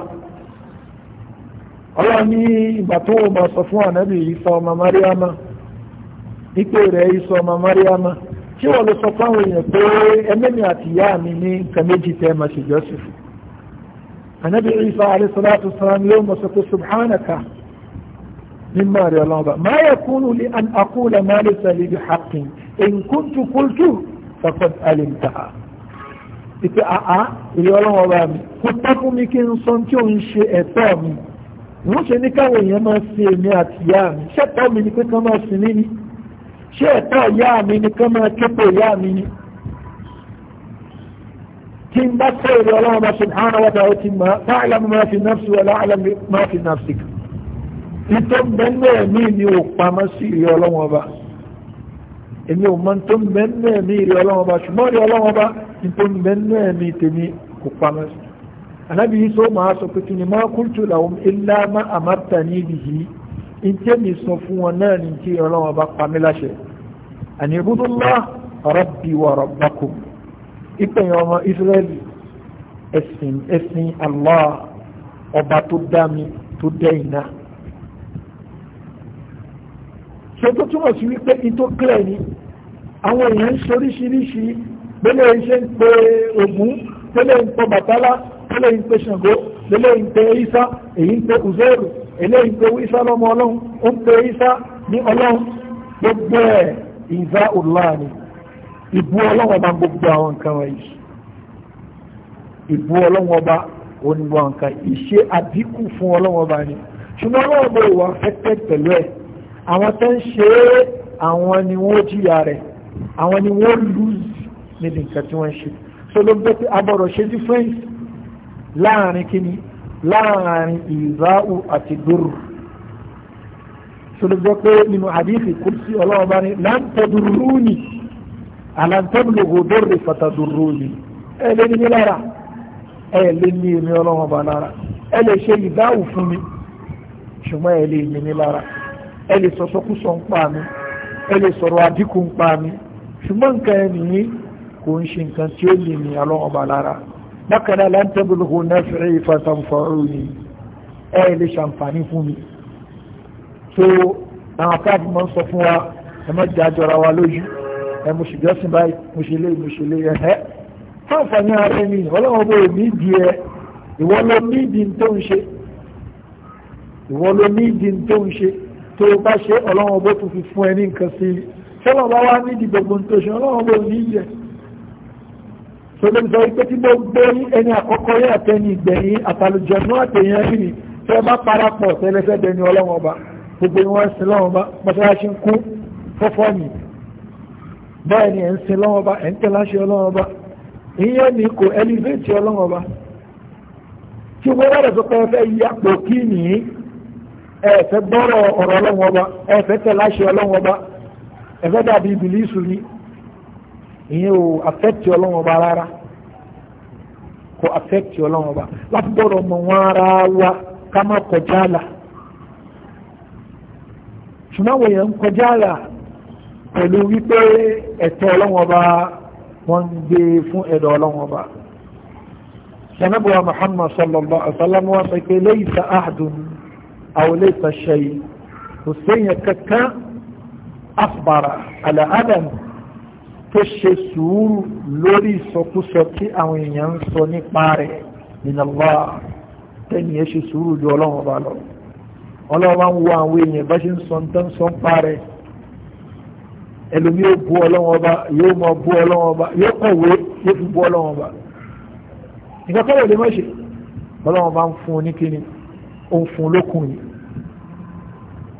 A: ọlọ́run ní ìgbà tó wọ́n máa sọ fún ànábì Isa ọmọ Maryam ìpè rẹ̀ Isa ọmọ Maryam tí wọ́n lè sọ fáwọn èèyàn pé ẹmẹ́mi anabi عيسى عليه الصلاة والسلام yóò mọ̀ sọ pé subhanaka مما رضا ما يكون لي أن أقول ما ليس لي بحق إن كنت قلت فقد علمتها ite aa ilé ọlọ́wọ́ bá mi kó tákún mi kí n sọ tí ò ń ṣe ẹ̀tọ́ mi wọ́n ṣe ní káwọn èèyàn máa ṣe èmi àti ìyá mi ṣẹ́tọ́ mi ni pé kán máa sin ni ṣé ẹ̀tọ́ ìyá mi ni kán máa képo ìyá mi ni tí n bá sọ̀rọ̀ ọlọ́run bá subhanahu wa ta'ala ti mọ̀ fa'lam ma fi nafsi wa la'lam ma fi nafsik ìtọ́ bẹ́ẹ̀ mí ni ò pamọ́ sí ìrẹ́ ọlọ́run ọba èmi ò mọ̀ tó bẹ́ẹ̀ mí ìrẹ́ ọlọ́run ọba ṣùgbọ́n ìrẹ́ ọlọ́run ọba tó bẹ́ẹ̀ mí tèmi kò pamọ́ sí anábì yìí sọ máa sọ pé kí ni ma qultu lahum illa ma amartani bihi ìtẹ́mi sọ fún wọn náà ní kí ọlọ́run ọba pamí láṣẹ àní ibudullaha rabbi wa rabbakum ìpẹ̀yìn ọmọ Ísírẹ́lì ẹ̀sìn ẹ̀sìn Allah ọba tó dá mi tó dẹ́yìn náà ṣe tó túmọ̀ sí wípé ní tó clear ni àwọn èèyàn ń ṣoríṣiríṣi bẹ́lẹ̀ iṣẹ́ ń pe Ògún bẹ́lẹ̀ ń pe Bàtálá bẹ́lẹ̀ ń pe Ṣàngó bẹ́lẹ̀ ń pe Ìsá èyí ń pe Uzairu èlé ń pe Ìsá lọ́mọ ọlọ́run ó ń pe Ìsá ní ọlọ́run gbogbo ẹ̀ ìzá òlá ni ìbú ọlọ́wọ́ bá gbogbo àwọn nǹkan wọ̀nyí ìbú ọlọ́wọ́ bá onígbò nǹkan ìṣe àdínkù fún ọlọ́wọ́ bá ní ṣùgbọ́n ọlọ́wọ́ bó wà fẹ́tẹ́ pẹ̀lú ẹ̀ àwọn tó ń ṣe é àwọn ni wọ́n jìyà rẹ̀ àwọn ni wọ́n lùzì níbi nǹkan tí wọ́n ṣe so ló ń bẹ́ pé abọ̀rọ̀ ṣe difference láàrin kíni láàrin ìzáù àti dúró so ló ń pé nínú àdínkù kùsì ọlọ́wọ́ bá ní láǹtẹ̀dúrú ní àlàntẹ́bùlùkù dórí fàtàdùrú ni ẹ lé ní lára ẹ lé ní èmi ọlọ́wọ́n bá ni ẹ lè ṣe ìdáhùn fún mi ṣùgbọ́n ẹ lè ní mi lára ẹ lè sọ̀sọ́kúsọ ń pa mi ẹ lè sọ̀rọ̀ àdínkù ń pa mi ṣùgbọ́n nǹkan ẹ nìyí kò ń ṣe nǹkan tí ó lè ní ọlọ́wọ́n bá lára bákan náà àlàntẹ́bùlùkù náà fẹ́rẹ́ ìfàtàǹfọ̀rù ni ẹ lè ṣàǹfààní fún mi tó àwọn afáàfin máa ń sọ fún wa ẹ má jẹ́ àjọra wa lójú ẹ mo ṣùgbọ́n sìn báyìí mo ṣe lé mo ṣe lé ẹ ẹ fáǹfààní ara mi ọlọ́wọ́n bó mi di ẹ ìwọ ló ní ìdí tó ń ṣe ìwọ ló ní ìdí tó ń ṣe tó o bá ṣe ọlọ́wọ́n bó tún fi fún ẹ ní nǹkan sí i sọ́lọ́ bá wá ní ìdí gbogbo tó ṣe ọlọ́wọ́n bó ní yẹ sọdọ́ sọ tí mo gbé ẹni àkọ́kọ́ yẹ àtẹni ìgbẹ̀yìn àtàlùjẹ̀nú àtẹ̀yìn ẹ̀rí tẹ́ bá parapọ̀ tẹ́lẹ́fẹ́ dẹni ọlọ́wọ́n ọba gbogbo wọn sí lọ́wọ́n ọba mọ́ṣáláṣí bẹ́ẹ̀ ni ẹ̀ ń sin lọ́wọ́ bá ẹ̀ ń tẹ́láṣẹ ọlọ́wọ́ bá ìyẹn ni kò ẹlifẹ́tì ọlọ́wọ́ bá tí wọ́n rẹ̀ ọla pé fẹ́ yí àpò kí nìyí ẹ fẹ́ gbọ́rọ̀ ọ̀rọ̀ ọlọ́wọ́ bá ẹ fẹ́ ọlọ́wọ́ bá ẹ fẹ́ dàbí ìbìlísù ni ìyẹn ò àfẹ́tì ọlọ́wọ́ bá rárá kò àfẹ́tì ọlọ́wọ́ bá láti gbọ́rọ̀ pẹ̀lú wípé ẹ̀tọ́ ọlọ́wọ́n bá wọ́n ń gbé fún ẹ̀dọ̀ ọlọ́wọ́n bá sanabuwa muhammad sallallahu alaihi wasallam wa sọ pé laysa ahadun aw laysa shay kò séèyàn kankan asbara ala adam tó ṣe sùúrù lórí ìsọkúsọ tí àwọn èèyàn ń sọ nípa rẹ̀ nínú allah tẹ́ni ẹ ṣe sùúrù ju ọlọ́wọ́n bá lọ ọlọ́wọ́n bá ń wo àwọn èèyàn bá ṣe ń sọ ń tán sọ ń pa rẹ̀ ẹlòmí yóò bú ọlọ́wọ́n ọba yóò mọ bú ọlọ́wọ́n ọba yóò kọ̀wé yóò fi bú ọlọ́wọ́n ọba nǹkan kọ́wé lè má ṣe ọlọ́wọ́n bá ń fún un ní kíni ó ń fún un lókun yìí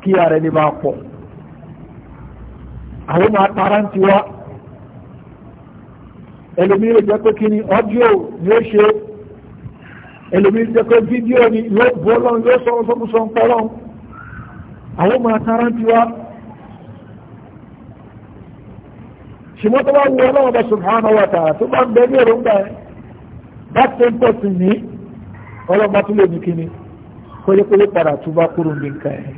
A: kí ara ẹni bá pọ̀ àwọn máa tara ń tiwa ẹlòmí yóò jẹ́ pé kíni ọ́díò ni ó ṣe ẹlòmí yóò jẹ́ pé fídíò ni yóò bú ọlọ́run yóò sọ ọ́ sọ́kùsọ̀ ń pọ̀ ọlọ́run àwọn máa tara ń tiwa. ṣùgbọ́n tó bá wù ọlọ́run bá subhanahu wa ta'ala tó bá ń bẹ ní èròǹgbà ẹ̀ bá ti ń pọ̀ sí ní ọlọ́run bá tún lè ní kíni kólékólé padà tó bá kúrò ní nǹkan ẹ̀.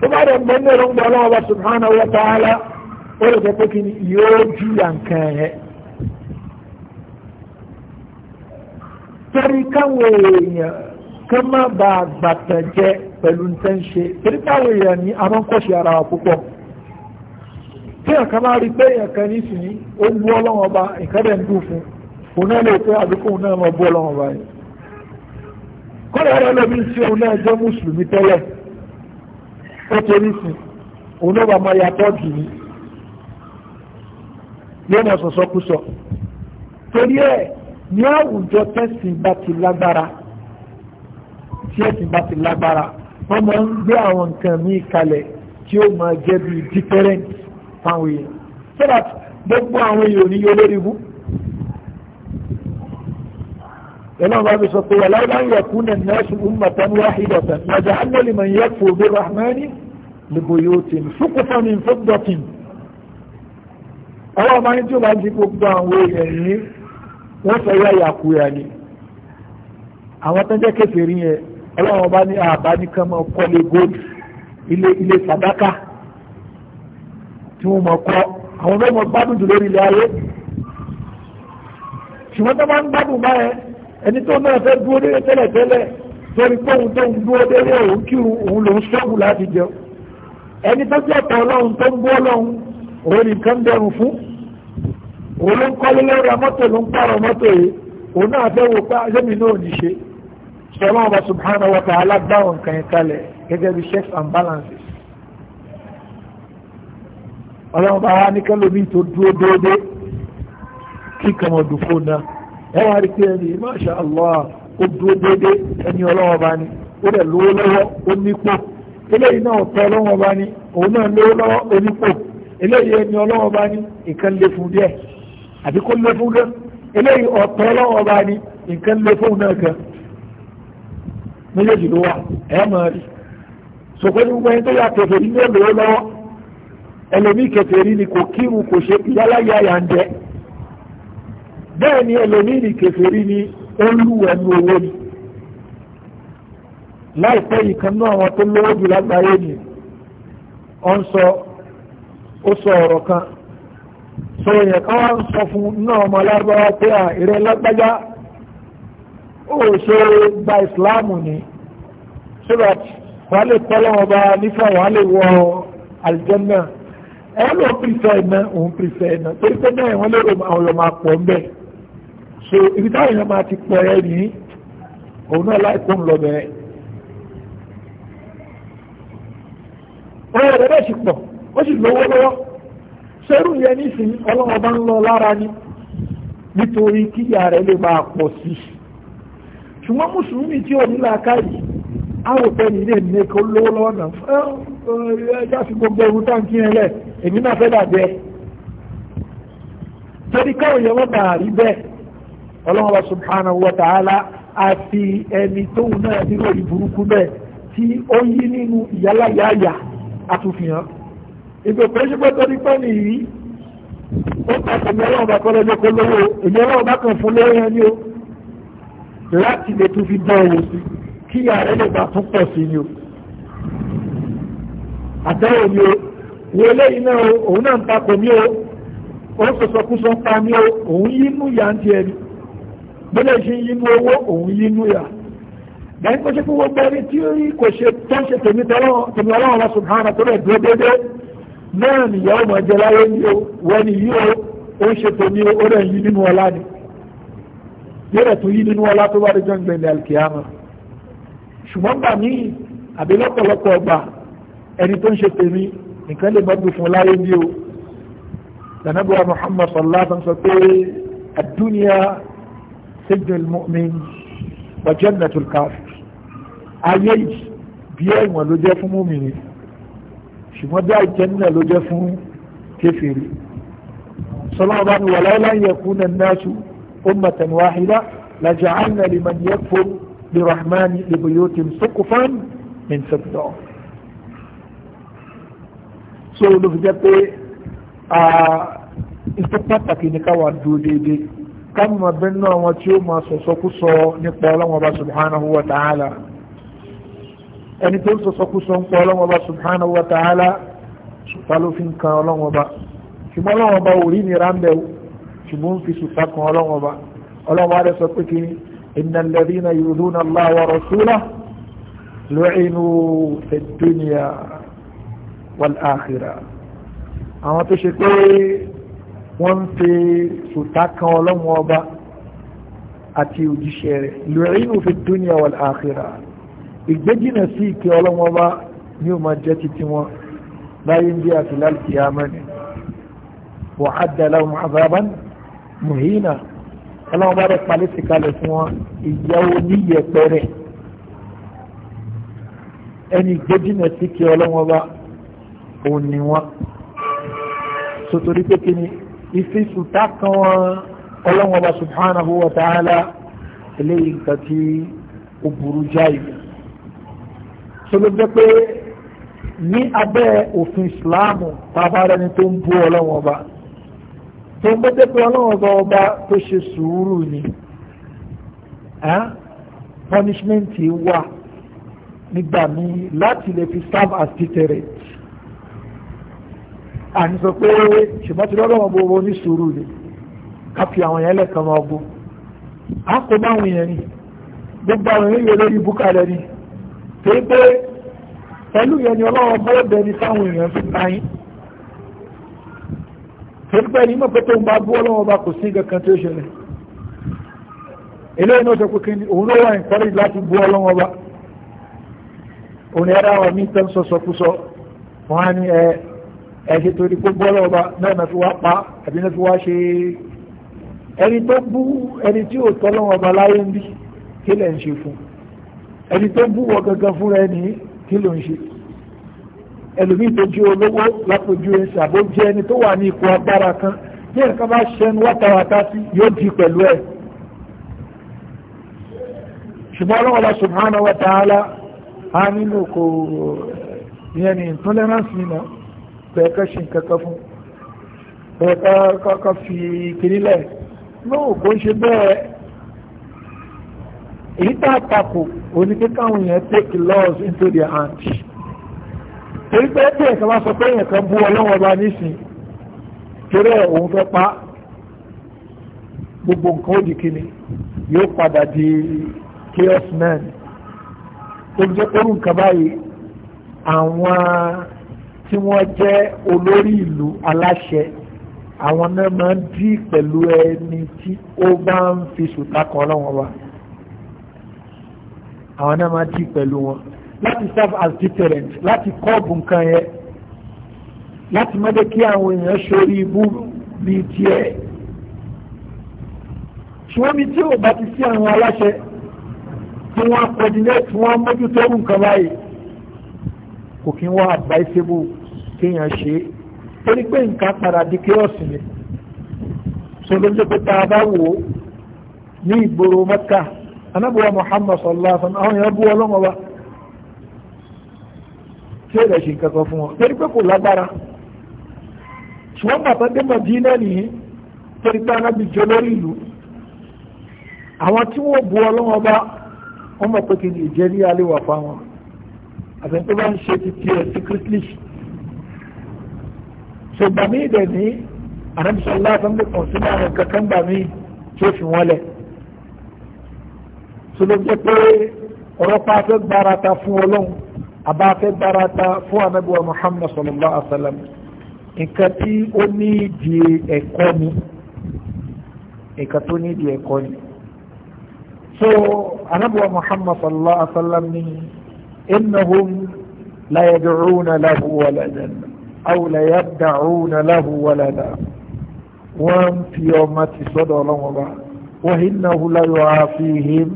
A: tó bá rẹ̀ ń bẹ ní èròǹgbà ọlọ́run bá subhanahu wa ta'ala ó lè jẹ́ pé kíni yóò júyà nǹkan ẹ̀. torí káwọn èèyàn ká má bàa gbàtàn jẹ pẹ̀lú nǹkan ṣe torí káwọn èèyàn ní èèyàn kan máa rí pé èèyàn kan ní sùn yìí ó wú ọlọ́wọ́n ọba ìkẹ́dẹ̀ ń dùn fún òun náà lè pé àdúgbò òun náà máa bú ọlọ́wọ́n ọba yìí kọ́lá rẹ̀ lómi sí òun náà jẹ́ mùsùlùmí tẹ́lẹ̀ ó torí sùn òun náà bá máa yàtọ̀ jù ní yóò máa sọ̀sọ́ kú sọ torí ẹ̀ ní àwùjọ tẹ̀sìn bá ti lágbára tí ẹ̀sìn bá ti lágbára wọ́n máa ń gbé àwọn nǹkan míì kalẹ̀ tí ó máa jẹ́ bíi different fáwọn èèyàn so that gbogbo àwọn èèyàn ní olórí ibú ẹ̀nà bá fi sọ pé wà láwọn láwọn yẹ̀kú nà náà sí ummatan wahidatan lọ́jà annali man yakfu bi rahmani libuyutin sukufa min fiddatin ọwọ́ máa ń tí ó bá di gbogbo àwọn èèyàn ní wọ́n sọ yá yàkúyà ni àwọn tó ń jẹ́ kéfèé rí yẹn ọlọ́wọ́n bá ní àbá nìkan mọ́ kọ́lé gold ilé ilé sàdákà tí wọ́n mọ̀ kọ́ àwọn fẹ́ mọ̀ gbádùn jù lórí ilẹ̀ ayé ṣùgbọ́n tó máa ń gbádùn báyẹn ẹni tó náà fẹ́ dúró délé tẹ́lẹ̀ tẹ́lẹ̀ torí pé òun tó ń dúró délé òun kírun òun lòún ṣọ́ọ̀bù láti jẹun ẹni tó jẹ́ ọ̀tọ̀ ọlọ́run tó ń bú ọlọ́run òun nìkan dẹrùn fún òun ló ń kọ́lé lórí amọ́tò ló ń pààrọ̀ mọ́tò yìí òun náà fẹ́ wo pé ayémi náà ní ṣe sọlọ́run ọba subhanahu wa ta'ala dáhùn kàn kalẹ̀ gẹ́gẹ́ bí checks and balances ọlọ́run bá wá ní kẹ́lómi tó dúró déédé kí kàmọ̀dù fóònù náà ẹ wá rí pé ẹni masha Allah ó dúró déédé ẹni ọlọ́run bá ní ó dẹ̀ lówó lọ́wọ́ ó nípò eléyìí náà ọ̀tọ̀ ọlọ́run bá ní òun náà lówó lọ́wọ́ ó nípò eléyìí ẹni ọlọ́run bá ní nǹkan lè fún díẹ̀ àbí kó lè fún gan eléyìí ọ̀tọ̀ ọlọ́run bá ní nǹkan lè fún náà gan méjèèjì ló wà ẹ̀ máa rí sọ̀kọ́ ní gbogbo ẹni tó yà kẹfẹ́ ní lówó lọ́wọ́ ẹlòmí kèfèrí ni kò kírun kò ṣe yálà yáyà ń jẹ bẹ́ẹ̀ ni ẹlòmí ni kèfèrí ni ó lù ẹnu owó ni láìpẹ́ yìí kan náà àwọn tó lówó jù lágbàáyé ni ó ń sọ ó sọ ọ̀rọ̀ kan
B: sọ èèyàn kan wá ń
A: sọ fún náà ọmọ alágbára pé à ìrẹ́ lágbájá ó ṣe gba ìsìláàmù ni so that wàá lè tọ́lọ́wọ́ bá nífẹ̀ẹ́ wàá lè wọ aljanna. ẹ̀yọ́ ló ń ịna iná òun pìfẹ́ iná torí pé náà lérò àwọn so ibi táwọn èèyàn ti nìyí òun náà ń lọ sì ó sì yẹn nísìn bá ń lọ lára ni nítorí kíyà lè máa sí i ṣùgbọ́n mùsùlùmí tí ò ní náà gbogbo ewu táǹkì yẹn lẹ́ẹ̀ èmi náà fẹ́ dàbí ẹ torí káwọn èèyàn wọn bàa rí bẹ́ẹ̀ ọlọ́run wa subhanahu wa ta'ala àti ẹni tóun náà nínú orí burúkú bẹ́ẹ̀ tí ó yí nínú ìyáláyáyà àtúfihàn ìgbè pẹ́ṣẹ́ pé torí pẹ́ nìyí ó pàṣẹ mi ọlọ́run bá kọ́lẹ́ lóko lówó èmi ọlọ́run bá kàn fún lẹ́yìn ẹni o láti lè tún fi dán owó sí kí ààrẹ lè bá tún pọ̀ sí ni o àtẹ́wò ni o wo eléyìí náà òun náà ń takò mí o ó sọ̀sọ̀ kú sọ pa mí o òun yínú yà ń tiẹ̀ ni bẹ́lẹ̀ ṣe yínú owó òun yínú yà bẹ́ẹ̀ kó ṣe fún gbogbo ẹni tí kò ṣe tó ṣe tèmi tèmi ọlọ́run lọ sùn hàn àtọ́lẹ̀ dúró dédé náà nìyàwó mọ̀ jẹ láyé ní o wọ́n ni yí o ó ṣe tèmi ó rẹ̀ yí nínú ọlá ni yẹ́rẹ̀ tó yí nínú ọlá tó bá dé jọ́ gbẹ̀lẹ̀ alkiyama ṣùgbọ́n gbà míì àbí lọ́pọ̀lọpọ̀ ọgbà ẹni tó ń ṣe tèmi nìkan lè mọ́gbé fún láyé ní o lànàbíwá muhammad sallallahu alaihi wasallam sọ pé àdúnyà sijnul mu'min wa jannatul kafir ayé yìí bí ẹ̀wọ̀n ló jẹ́ fún mùmìnì ṣùgbọ́n bí àjẹ́nà ló jẹ́ fún kèfèrí sọlọ́wọ́ bá ní walau lan yakuna an-nasu ummatan wahida laja'alna liman yakfur birahmani libuyutin suqufan min fiddah so ló fi jẹ́ pé ìtọ́ pàtàkì ní káwà dúró déédéé káwọn máa bẹ nínú àwọn tí ó máa sọ̀sọ́kúsọ nípa ọlọ́wọ́n ọba subhanahu wa ta'ala ẹni tó ń sọ̀sọ́kúsọ nípa ọlọ́wọ́n ọba subhanahu wa ta'ala sùtá ló fi ń kan ọlọ́wọ́n ọba ṣùgbọ́n ọlọ́wọ́n ọba ò rí nira ṣùgbọ́n ń fi sùtá kan ọlọ́wọ́n ọba ọlọ́wọ́n adé sọ pé kí innal ladhina yu'dhuna Allaha wa rasulahu lu'inu fid dunya
B: wàláàkìrà
A: àwọn tó ṣe pé wọ́n ń fi sùtá kan ọlọ́run ọba àti òjíṣẹ́ rẹ̀ lùrẹ́yìnù fi dúnìá wàláàkìrà ìgbéjìnà sí ìkẹ́ ọlọ́run ọba ní o máa jẹ́ títí wọn láyé ń bí àti láti àmẹ́ni wà á dàlá wọn àbábán mùhínà ọlọ́run bá rẹ̀ palẹ́ sí kalẹ̀ fún wọn ìyàwó níyẹ̀pẹ̀rẹ̀ ẹni ìgbéjìnà sí ìkẹ́ ọlọ́run ọba òun ni wọ́n sotori pé kí ni ife sùtá kan wọn ọlọ́wọ́n ọba subhanahu wa ta'ala eléyìí nǹkan tí ó burú jáì sọlọ́jọ́ pé ní abẹ́ òfin ìsìláàmù bàbá rẹni tó ń bú ọlọ́wọ́n ọba tó ń bẹ́tẹ́ pé ọlọ́wọ́n ọba tó ṣe sùúrù ni punishment wà nígbà míì láti lè fi serve as deterrent àní sọ pé ṣùgbọ́n ti lọ́dọ̀ wọn gbogbo ní sùúrù ni ká fi àwọn yẹn lẹ́ẹ̀kan wọn gbó a kò bá àwọn yẹn ni gbogbo àwọn yẹn yẹ lórí ibùkálẹ̀ ni pé pé pẹ̀lú yẹn ni ọlọ́wọ́ bọ́ bẹ́ẹ̀ ni fáwọn èèyàn fi ta yín torí pé ẹni mọ̀ pé tó ń bá bú ọlọ́wọ́ bá kò sí kankan tó ṣẹlẹ̀ eléyìí náà sọ pé kíni òun ló wà ní láti bú ọlọ́wọ́ bá òun ẹ̀rọ àwọn mí tẹ́ ń sọ sọkúsọ wọn á ní ẹ ẹ̀ṣẹ̀ torí pé bọ́lá ọba náà na fi wá pa àbí na fi wá ṣe ẹni tó bú ẹni tí ò tọ́ lọ́wọ́ ọba láyé ń bí kí lẹ̀ ń ṣe fún ẹni tó bú wọ gangan fúnra ẹni kí ló ń ṣe ẹlòmíì tó jẹ́ olówó lápòjú ẹsẹ̀ àbó jẹ́ ẹni tó wà ní ipò agbára kan bí ẹ̀ka bá ṣẹnu wátawàtá sí yóò di pẹ̀lú ẹ̀ ṣùgbọ́n ọlọ́wọ́lá subhanahu wa ta'ala a nínú kò yẹn ni intolerance nínú bẹ́ẹ̀ ká ṣe nǹkan kan fún bẹ́ẹ̀ ká ká fi kìnílẹ̀ náà kò ṣe bẹ́ẹ̀ èyí tá a takò òní take laws into their hands torí pé ẹgbẹ́ ẹ̀ka bá sọ pé èèyàn kan bú ọlọ́wọ́ ọba nísìn torí ẹ̀ òun fẹ́ pa gbogbo nǹkan ó kíni yóò padà di chaos man tó jẹ́ pé orúkọ báyìí àwọn tí wọ́n jẹ́ olórí ìlú aláṣẹ àwọn náà máa ń dí pẹ̀lú ẹni tí ó bá ń fi sùtá kan ọlọ́wọ́n wa àwọn náà máa dí pẹ̀lú wọn láti serve as deterrent láti kọ́ọ̀bù nǹkan yẹn láti má jẹ́ kí àwọn èèyàn sórí ibú bíi tiẹ̀ ṣùgbọ́n mi tí ò bá ti sí àwọn aláṣẹ tí wọ́n coordinate wọ́n mójútó nǹkan báyìí kò kí wọ́n advisable kéèyàn ṣe é torí pé nǹkan padà di kíọ́ọ̀sì ni so ló ń jẹ́ pé tá a bá wò ó ní ìgboro anábùwà Muhammad sallallahu alaihi wa sallam àwọn èèyàn bú ọlọ́mọ wa tí ó lè ṣe nǹkan kan fún wọn torí pé kò lágbára ṣùgbọ́n bàbá dé Madina nìyí torí pé anábì jọ lórí ìlú àwọn tí wọ́n bá wọ́n mọ̀ pé so gbà mí dẹ̀ ní anamisọ́lá tó ń lè kàn sínú àwọn kankan gbà mí tí ó fi wọ́n lẹ̀ so ló jẹ́ pé ọ̀rọ̀ pa fẹ́ gbára ta fún ọlọ́run àbá fẹ́ gbára ta fún anábíwá Muhammad sallallahu alaihi wa sallam nǹkan tí ó ní di ẹ̀kọ́ ni nǹkan tó ní di ẹ̀kọ́ ni so anábíwá Muhammad sallallahu alaihi wa ni innahum la yad'una lahu wala janna aw la yabda'una lahu walada wọ́n ń fi ọmọ ti sọ́dọ̀ ọlọ́wọ́n bá wa innahu la yu'afihim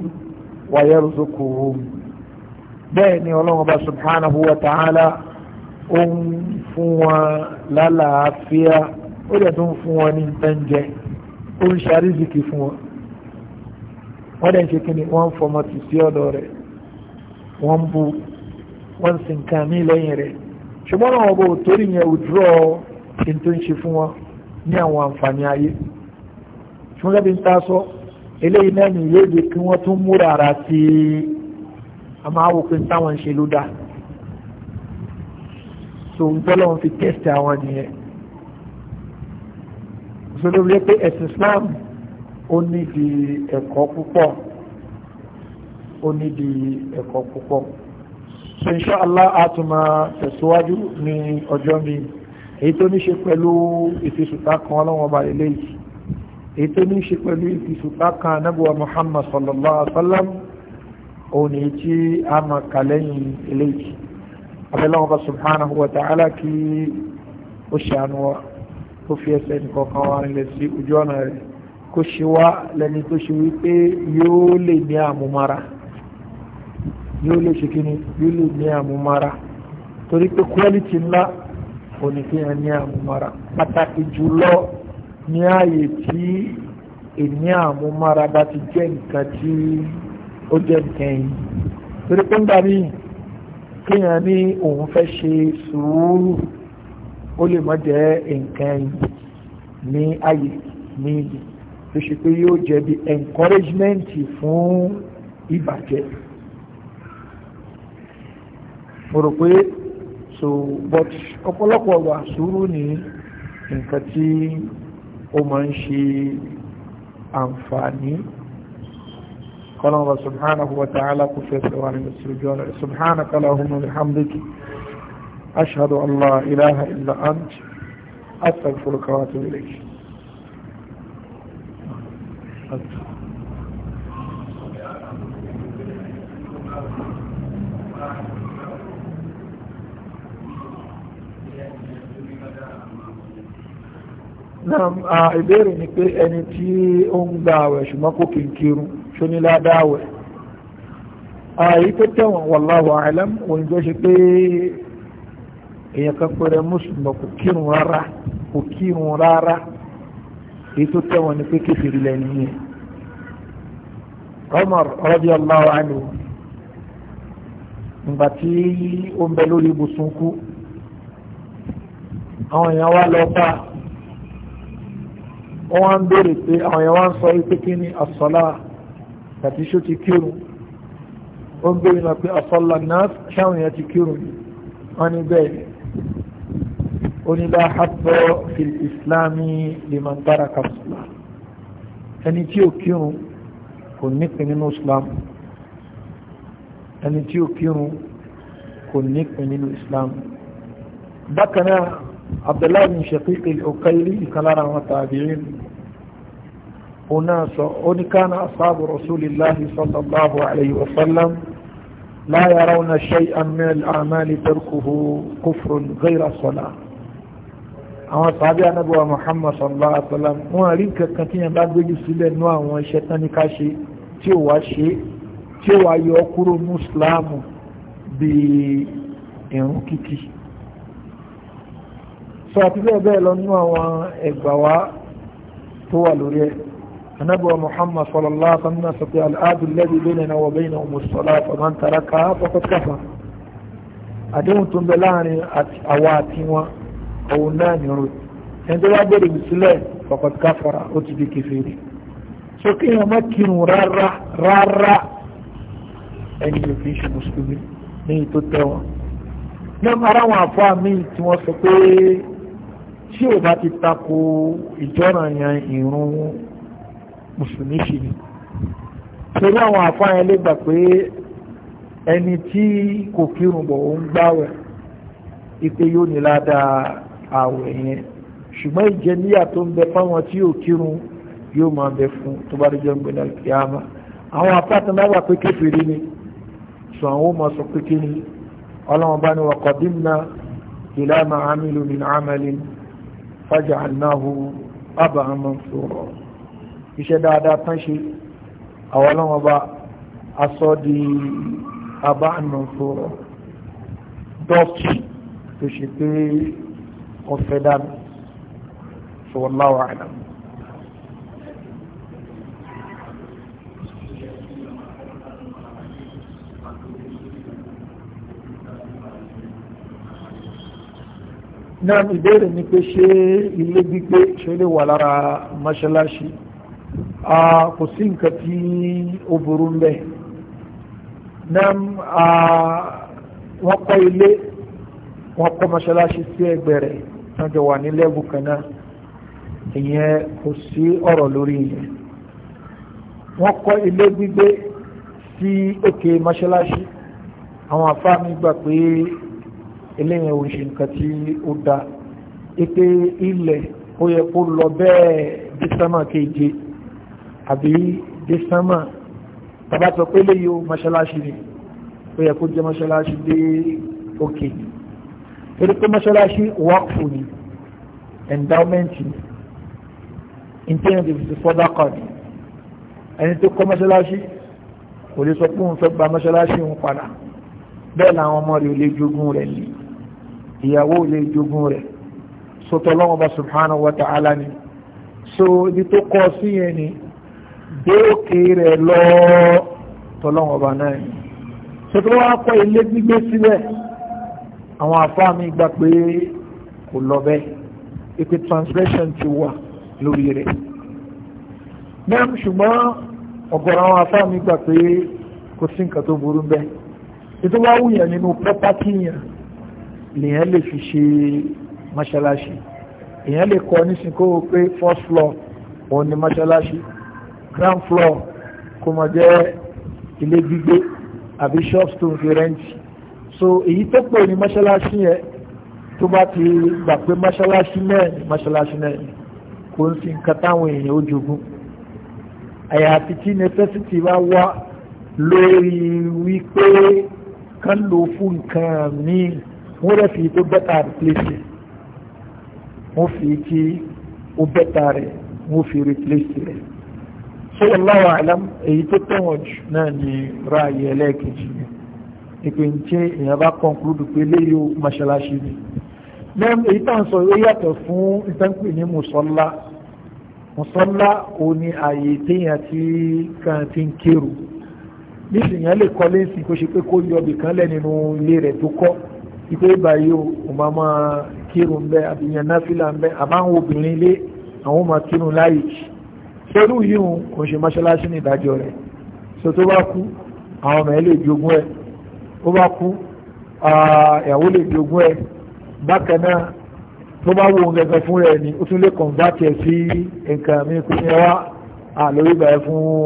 A: wa yarzuquhum bẹ́ẹ̀ ni ọlọ́wọ́n bá subhanahu wa ta'ala ó ń fún wọn lálàáfíà ó dẹ̀ tó ń fún wọn ní tẹ́ńjẹ́ ó ń ṣe fún wọn wọ́n dẹ̀ ń ṣe kíni wọ́n fọmọ tì sí ọ̀dọ̀ rẹ̀ wọ́n ń bu wọ́n ń sin kàmí lẹ́yìn rẹ̀ ṣùgbọ́n àwọn ọba òtórí yẹn withdraw kí n tó ń ṣe fún wọn ní àwọn àǹfààní ayé ṣùgbọ́n lẹ́bi ń ta sọ eléyìí náà ní ìwé èdè kí wọ́n tún múra ara sí a máa wò táwọn ń ṣe ló dáa so ń tọ́lọ́ wọn fi test àwọn nìyẹn so ló rí pé ẹ̀sìn Islam ó ní di ẹ̀kọ́ púpọ̀ ó ní di ẹ̀kọ́ púpọ̀ so inṣáàlá a tún máa tẹ̀síwájú ní ọjọ́ mi èyí tó ní ṣe pẹ̀lú ìfisùta kan ọlọ́wọ́n ba ilé yìí èyí tó ní ṣe pẹ̀lú ìfisùta kan anábùwà muhammad sallallahu alaihi wa sallam òun èyí tí a máa kà lẹ́yìn ilé yìí abẹ́lẹ́wọ̀n bá subhanahu wa ta'ala kí ó ṣàánú wa kó fi ẹsẹ̀ nìkan kan wá sí ojú ọ̀nà rẹ̀ kó ṣe wá lẹ́ni tó ṣe wípé yóò lè ní àmúmára yóò lè ṣe kíni yóò lè ní àmúmára torí pé quality ńlá oníkéyàn ní àmúmára pàtàkì jùlọ ní ààyè tí ìní àmúmára bá ti jẹ́ nǹkan tí ó jẹ́ nǹkan yìí torí pé ńgbà míì kéèyàn ní òun fẹ́ ṣe sùúrù ó lè má jẹ́ nǹkan yìí ní ààyè ní ìlú tó ṣe pé yóò jẹ́ bí encouragement fún ìbàjẹ́ mo rò pé so but ọ̀pọ̀lọpọ̀ wà sùúrù ní nǹkan tí ó máa ń ṣe àǹfààní kọlọ́wọ́ subhanahu wa ta'ala kò fẹ́sẹ̀ wà ní mùsùlùmí ọ̀nà subhanaka allahumma bihamdiki ashhadu ilaha illa ant astaghfiruka wa atubu
B: Thank you.
A: náà ìbéèrè ni pé ẹni tí ó ń gba àwẹ̀ ṣùgbọ́n kò kí n kírun ṣó ní ládáwẹ̀ ààyè tó tẹ̀wọ̀n wallahu a'lam òyìnbó ṣe pé èèyàn kan pẹ̀rẹ̀ mùsùlùmọ́ kò kírun rárá kò kírun rárá èyí tó tẹ̀wọ̀n ni pé kékeré lẹ́nu yẹn Umar radiyallahu anhu ìgbà tí ó ń bẹ lórí ibùsùn kú àwọn èèyàn lọ bá wọ́n wá ń béèrè pé àwọn èèyàn wá ń sọ wípé kí ni àsọlá tàbí ṣó ti kírun ó ń béèrè náà pé àsọlá náà ṣáwọn èèyàn ti kírun wọ́n ní bẹ́ẹ̀ ni ó ní bá hapọ̀ fi ìsìláàmì liman taraka sọlá ẹni tí ò kírun kò nípìn nínú islam ẹni tí ò kírun kò nípìn nínú islam bákan náà abdullahi bin shaqiq al-uqayli ìkan lára àwọn tàbíyìn òun náà sọ ó ní kánà asáàbù rasulillahi sallallahu alayhi wa sallam la yarawna shay'an min al-a'mali tarkuhu kufrun ghayra salah àwọn sàábí anábọ̀wà muhammad sallallahu alaihi wasallam wọ́n rí kankan tí yẹn bá gbéjú sílẹ̀ ní àwọn iṣẹ́ tán ní ká ṣe tí ó wá ṣe tí sọ àti bẹ́ẹ̀ bẹ́ẹ̀ lọ nínú àwọn ẹgbà wa tó wà lórí ẹ̀ anábọ̀ muhammad sallallahu alaihi wa sallam sọ pé al'adu lẹ́bi bẹ́ẹ̀ náà wọ bẹ́ẹ̀ náà mo sọ̀rọ̀ àtọ̀mọ́ ń tara ká fọ́kọ́ kàfà àdéhùn tó ń bẹ láàrin àwa àti wọn òun náà nìrò ẹni má kírun rárá rárá ẹni yóò fi ṣe mùsùlùmí ní ètò tẹ́wọ̀n náà ara wọn àfọ́ àmì tí wọ́n sọ pé tí ò bá ti tako ìjọ́ranyàn ìrun mùsùlùmí ṣì ni torí àwọn àfáàyàn lè gbà pé ẹni tí kò kírun bọ̀ ó ń gbáwẹ̀ ipe yóò ní ládàá àwẹ̀ yẹn ṣùgbọ́n ìjẹníyà tó ń bẹ fáwọn tí ò kírun yóò máa bẹ fún tó bá rí jẹun gbẹdẹ kíámà àwọn apáta náà wà pé kékeré ni sọ àwọn ọmọ sọ pé kí ni ọlọ́run bá ní wa qadimna ila ma amilu min amalin faja'alnahu aba'an mansura iṣẹ́ dáadáa tán ṣe àwọn ọlọ́wọ́n bá aṣọ di aba'an mansura dọ́ọ̀tì tó ṣe pé ọ̀fẹ́ dànù wallahu a'lam. náà ìbéèrè ni pé ṣé ilé gbígbé ṣe lè wà lára mọ́ṣáláṣí kò sí nǹkan tí ó burú ń bẹ náà wọ́n kọ́ ilé wọ́n kọ́ mọ́ṣáláṣí sí ẹgbẹ́ rẹ̀ wọ́n jọ wà ní lẹ́bù kan náà ìyẹn kò sí ọ̀rọ̀ lórí ìyẹn wọ́n kọ́ ilé gbígbé sí òkè mọ́ṣáláṣí àwọn àfáà mi gbà pé eléyìn ò ṣe nǹkan tí ó da ipe ilẹ̀ ó yẹ kó lọ bẹ́ẹ̀ dísámà keje àbí dísámà bàbá sọ pé léyìí ó mọ́ṣáláṣí ni ó yẹ kó jẹ́ mọ́ṣáláṣí dé òkè torí pé mọ́ṣáláṣí wákùú ni endowment ni intended further card ẹni tó kọ́ mọ́ṣáláṣí kò lè sọ pé òun fẹ́ gba mọ́ṣáláṣí òun padà bẹ́ẹ̀ làwọn ọmọ rẹ̀ ò lè jogún rẹ̀ nìyí ìyàwó lè jogún rẹ̀ sọtọlọ́wọ́n bá subhanahu wa ta'ala ni so ibi tó kọ sí yẹn ni dé òkè rẹ̀ lọ tọlọ́wọ́n bá náà ni sọtọlọ́wọ́n akọ ilé gbígbé síbẹ̀ àwọn àfáà mi gbà pé kò lọ bẹ́ẹ̀ ìpè translation ti wà lórí rẹ̀ náà ṣùgbọ́n ọ̀gọ̀rọ̀ àwọn àfáà mi gbà pé kò sí nǹkan tó burú bẹ́ẹ̀ ètò wá nínú pọ́pátì yẹn lèyàn lè fi ṣe mọ́ṣáláṣí èyàn lè kọ́ nísìn kó o pé first floor òun ni mọ́ṣáláṣí ground floor kó mọ̀ jẹ́ ilé gbígbé àbí shops tó ń fi rẹ́ǹtì so èyí tó pè ní mọ́ṣáláṣí yẹn tó bá ti gbà pé mọ́ṣáláṣí náà ni mọ́ṣáláṣí náà ni kò ń sin nǹkan táwọn èèyàn ó jogún àyàfi tí necessity bá wá lórí wípé kán lò fún nǹkan míì wọ́n rẹ̀ fi tó bẹ́ta replace wọ́n fi tí ó bẹ́ta rẹ̀ wọ́n fi replace rẹ̀ so wallahu a'lam èyí tó tẹ̀wọ̀n jù náà ni ráàyè ẹlẹ́ẹ̀kejì ni ìpè ń tí èèyàn bá conclude pé léyìí mọ́ṣáláṣí ni náà èyí tá à ń sọ ó yàtọ̀ fún ìtànkùn ní mùsọ́lá mùsọ́lá ò ní ààyè téèyàn ti kàn ti ń kérò nísìnyàn lè kọ́ lẹ́sìn kó ṣe pé kó yọ bìkan lẹ́ nínú ilé rẹ̀ tó kọ́ ìpé báyìí o máa máa kírun bẹ́ẹ̀ àbíyàn náfìlà bẹ́ẹ̀ àbáwọn obìnrin ilé àwọn máa kírun láyè sẹ́rù yíhun kò ṣe mọ́ṣáláṣí ní ìdájọ́ rẹ̀ so tó bá kú àwọn ọmọ ẹ lè jogún ẹ tó bá kú ìyàwó lè jogún ẹ bákan náà tó bá wo nǹkan fún rẹ̀ ni ó tún lè kọ̀ǹbátì ẹ̀ sí nǹkan mi kò ní wá àlórí ìgbà fún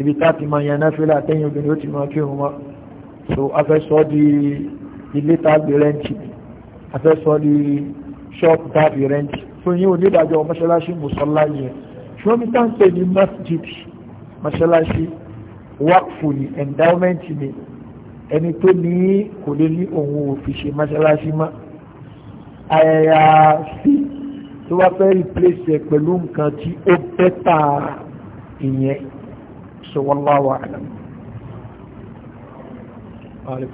A: ibi tá a ti máa yan náfìlà àtẹ̀yìn obìnrin ó ti máa kírun mọ́ so afẹ́sọ́ di ilé tàbí rẹ́ǹtì afẹ́sọ́ ní ṣọ́ọ̀pù tàbí rẹ́ǹtì fún yíò nídàjọ́ mọ́ṣáláṣí mùsọ́lá yẹn ṣùgbọ́n mi tán pè ní masjid mọ́ṣáláṣí wákfù ní endowment ni ẹni tó ní kò lè ní òun ò fi ṣe mọ́ṣáláṣí mọ́ àyàfi tó wá fẹ́ replace ẹ̀ pẹ̀lú nǹkan tí ó bẹ́tà ìyẹn sọ wallahu a'lam. Alex.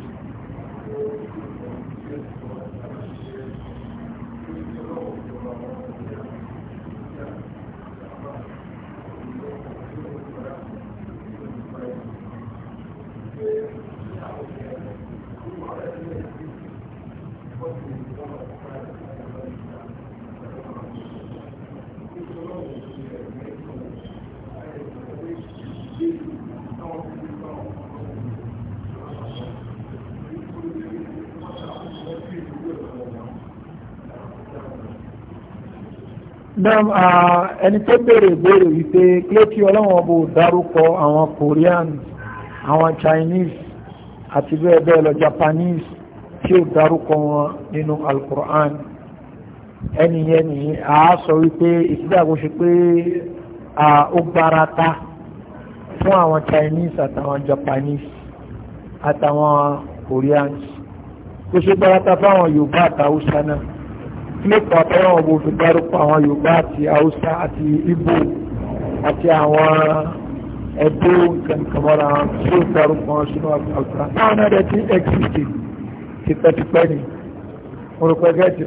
A: náà ah, ẹni tó béèrè béèrè wípé kílókì ọlọ́wọ́n bò dárúkọ àwọn Korean àwọn Chinese àti bẹ́ẹ̀ bẹ́ẹ̀ lọ Japanese tí ó dárúkọ wọn nínú Al-Qur'an ẹni yẹn ni a sọ wípé ìsìdàgbò ṣe pé ó bára fún àwọn Chinese àtàwọn Japanese àtàwọn Koreans ó ṣe bára ta fún àwọn Yorùbá àtàwọn Hausa nípa ọ̀pẹ́rẹ́ ọ̀bọ̀ fi dárúkọ àwọn Yorùbá àti Haúsá àti Ìgbò àti àwọn ẹ̀dọ́ kẹ̀kẹ̀mọ́ra tí ó dárúkọ wọn sínú àgbà náà náà rẹ̀ ti ẹ́kìsìtì tipẹ́tipẹ́ ni orúkọ̀gẹ́tì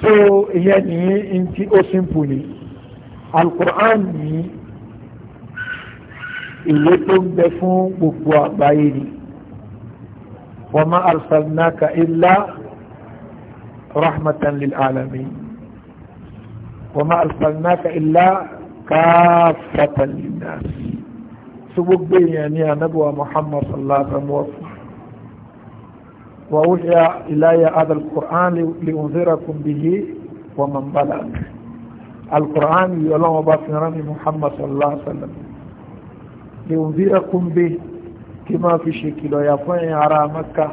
A: so ìyẹn nìyí tí ó simple ni al ní ìwé tó ń bẹ fún gbogbo àgbáyé ni wa ma arsalnaka illa رحمة للعالمين وما أرسلناك إلا كافة للناس سبقين يعني نبوة محمد صلى الله عليه وسلم وأوحي إلي هذا القرآن لأنذركم به ومن بلغ القرآن يقول الله محمد صلى الله عليه وسلم لأنذركم به كما في شكل ويفعل على مكة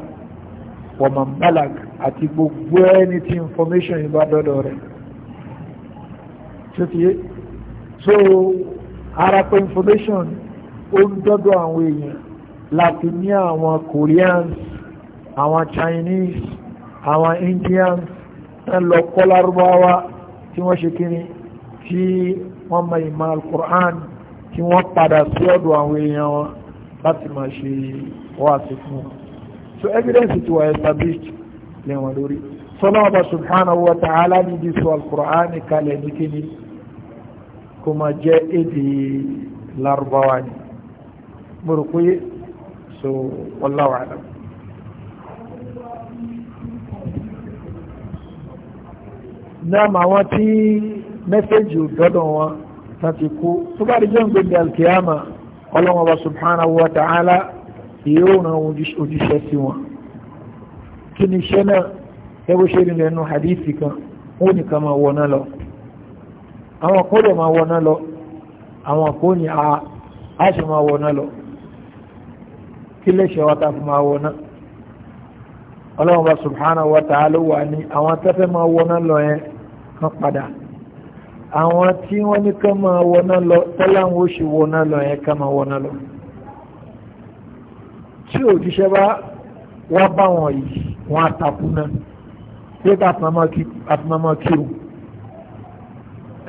A: wọ̀mọ̀ balak àti gbogbo ẹni tí information yìí bá dọ́dọ̀ rẹ̀ ṣókìyé so ara pé information ó ń dọ́dọ̀ àwọn èèyàn láti ní àwọn Koreans àwọn Chinese àwọn Indians tán lọ kọ́ lárúbáwá tí wọ́n ṣe kíni tí wọ́n mọ ìmọ̀ al-Qur'an tí wọ́n padà sí ọ̀dọ̀ àwọn èèyàn wọn láti máa ṣe wáàsí fún wọn so evidence ti wà established lẹ́wọ̀n lórí sọlọ́ọ̀bà subhanahu wa ta'ala ní bí sọ alkùránì kalẹ̀ ní kíni kò mà jẹ́ èdè larubawa ni mo rò pé so wallahu alam. náà àwọn tí mẹ́sẹ̀jì dọ́dọ̀ wọn láti kú tó bá rí jẹ́ ń gbé bí alkiyama ọlọ́wọ́n wa subhanahu wa ta'ala yóò ran ojúṣẹ́ sí wọn kí ni iṣẹ́ náà ẹgbẹ́ ṣe rí lẹ́nu hadithi kan ó nìkan máa wọná lọ àwọn kó máa wọná lọ àwọn kó ní a ṣe máa wọná lọ kí lẹ́ṣẹ̀ wa ta fi máa wọná ọlọ́run bá subhanahu wa ta'ala wà ní àwọn tẹ́fẹ́ máa wọná lọ yẹn kan padà àwọn tí wọ́n ní ká máa wọná lọ tẹ́láwọn ó ṣe wọná lọ yẹn ká máa wọná lọ tí òjíṣẹ́ bá wá bá wọn yìí wọn àtàkùn náà yóò bá àtúmọ̀mọ́ kírun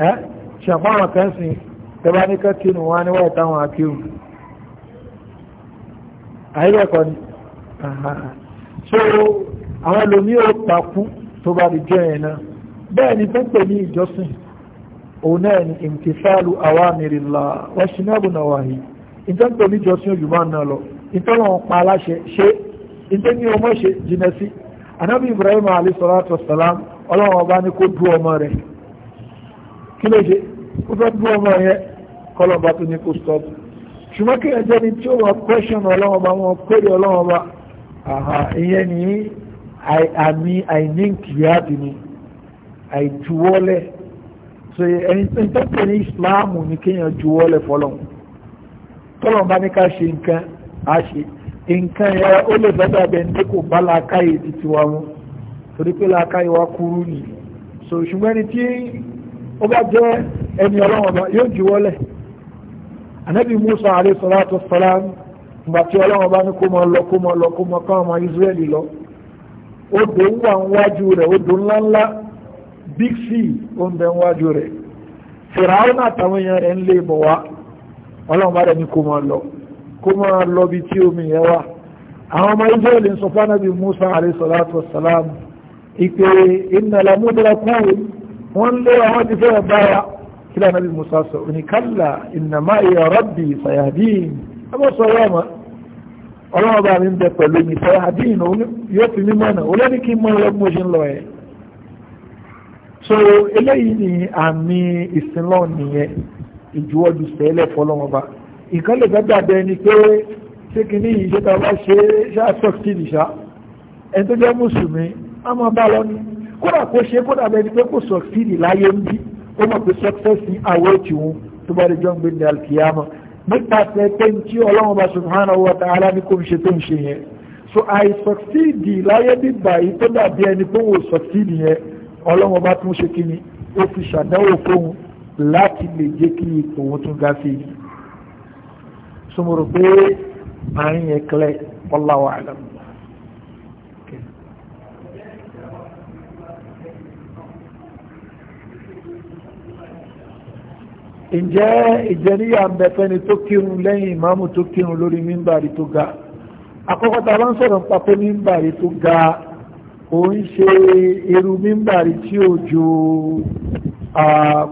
A: ẹ́ ṣàpáwọn kan sìn tẹ́bá ní ká kírun wọn níwọ̀ táwọn akírun àyẹ̀kọ́ ni so àwọn ẹlòmíì ò takú tó bá di jẹ́ ẹ̀ náà bẹ́ẹ̀ ni pẹ́pẹ́ ní ìjọsìn òun náà ni imtisalu awamirillah wa shinabu nawahi ìjọsìn tó ní ìjọsìn òjùmọ́ náà lọ ìtọ́lọ̀ pa aláṣẹ ṣe ìtẹ́ ní ọmọ ṣe jìnà sí anábì ibrahim alayhisalatu wasalam ọlọ́run ọba ní kó dú ọmọ rẹ̀ kí ló ṣe kó fẹ́ dú ọmọ yẹn kọlọ̀ bá tó ní kó stop ṣùgbọ́n kí ẹjẹ́ ni tí ó wà question ọlọ́run ọba wọn péré ọlọ́run ọba ìyẹn ní àmì àìní kìíyàdì ni àìjuwọ́lẹ̀ so ẹni tó ń tẹ́tẹ́ ní islam ní kéèyàn juwọ́lẹ̀ fọlọ́run tọ́lọ̀ bá ní ká ṣe nǹkan a ṣe nǹkan ya ó lè bẹ́ẹ̀ dàbẹ̀ ko kò bá làákàyè títí ni so ṣùgbọ́n ni ti ó bá ẹni ọlọ́run ọba yóò anabi musa alayhi salatu salam ìgbà tí ọba kó mọ lọ kó mọ lọ kó mọ káwọn
B: ọmọ
A: lọ big c ń bẹ níwájú fìràwọn àtàwọn èèyàn ń kó máa lọ bí tí omi yẹn wà àwọn ọmọ israẹli ń sọ fánàbí musa alayhi salatu wassalam ìpè ìnàlámúdàkùn wọn lé àwọn ti fẹ́ bára kí lóò nàbí musa sọ oníkàlà ìnàmá ìyá rabbi sayadin so eléyìí ni àmì ìsinlọ́ọ̀ nìyẹn sẹ́lẹ̀ fọlọ́wọ́n ìkan lè gbẹ́gbẹ́ abẹ ni pé ṣé kí ní ìṣe tó bá ṣe ṣáàtọ́kì nìṣá ẹni tó jẹ́ mùsùlùmí á máa bá lọ ní kódà kó ṣe kódà bẹ́ẹ̀ ni pé kò sọ̀kìdì láyé ń bí ó mọ̀ pé sọ́kẹ́sì àwọ̀ òtún tó bá lè jọ ń alkiyama nípasẹ̀ pé ń tí ọlọ́run bá subhanahu wa ta'ala ní kò ń ṣe tó ń ṣe yẹn so àìsọ̀kìdì láyé bíbà yìí tó dàbí ẹni pé wò sọ̀kìdì yẹn ọlọ́run bá tún ṣe kíni ó fi ṣàdánwò fóun láti lè jẹ́ kí ipò òun tún ga sí i so mo rò pé àárín kílẹ̀ wallahu a'lam. ǹjẹ́ ìjẹníyà ń bẹ fẹ́ni tó kírun lẹ́yìn ìmáàmù tó kírun lórí mímbàrí tó ga àkọ́kọ́ tá a bá ń sọ̀rọ̀ nípa pé mímbàrí tó ga ò ń ṣe irú mímbàrí tí ó ju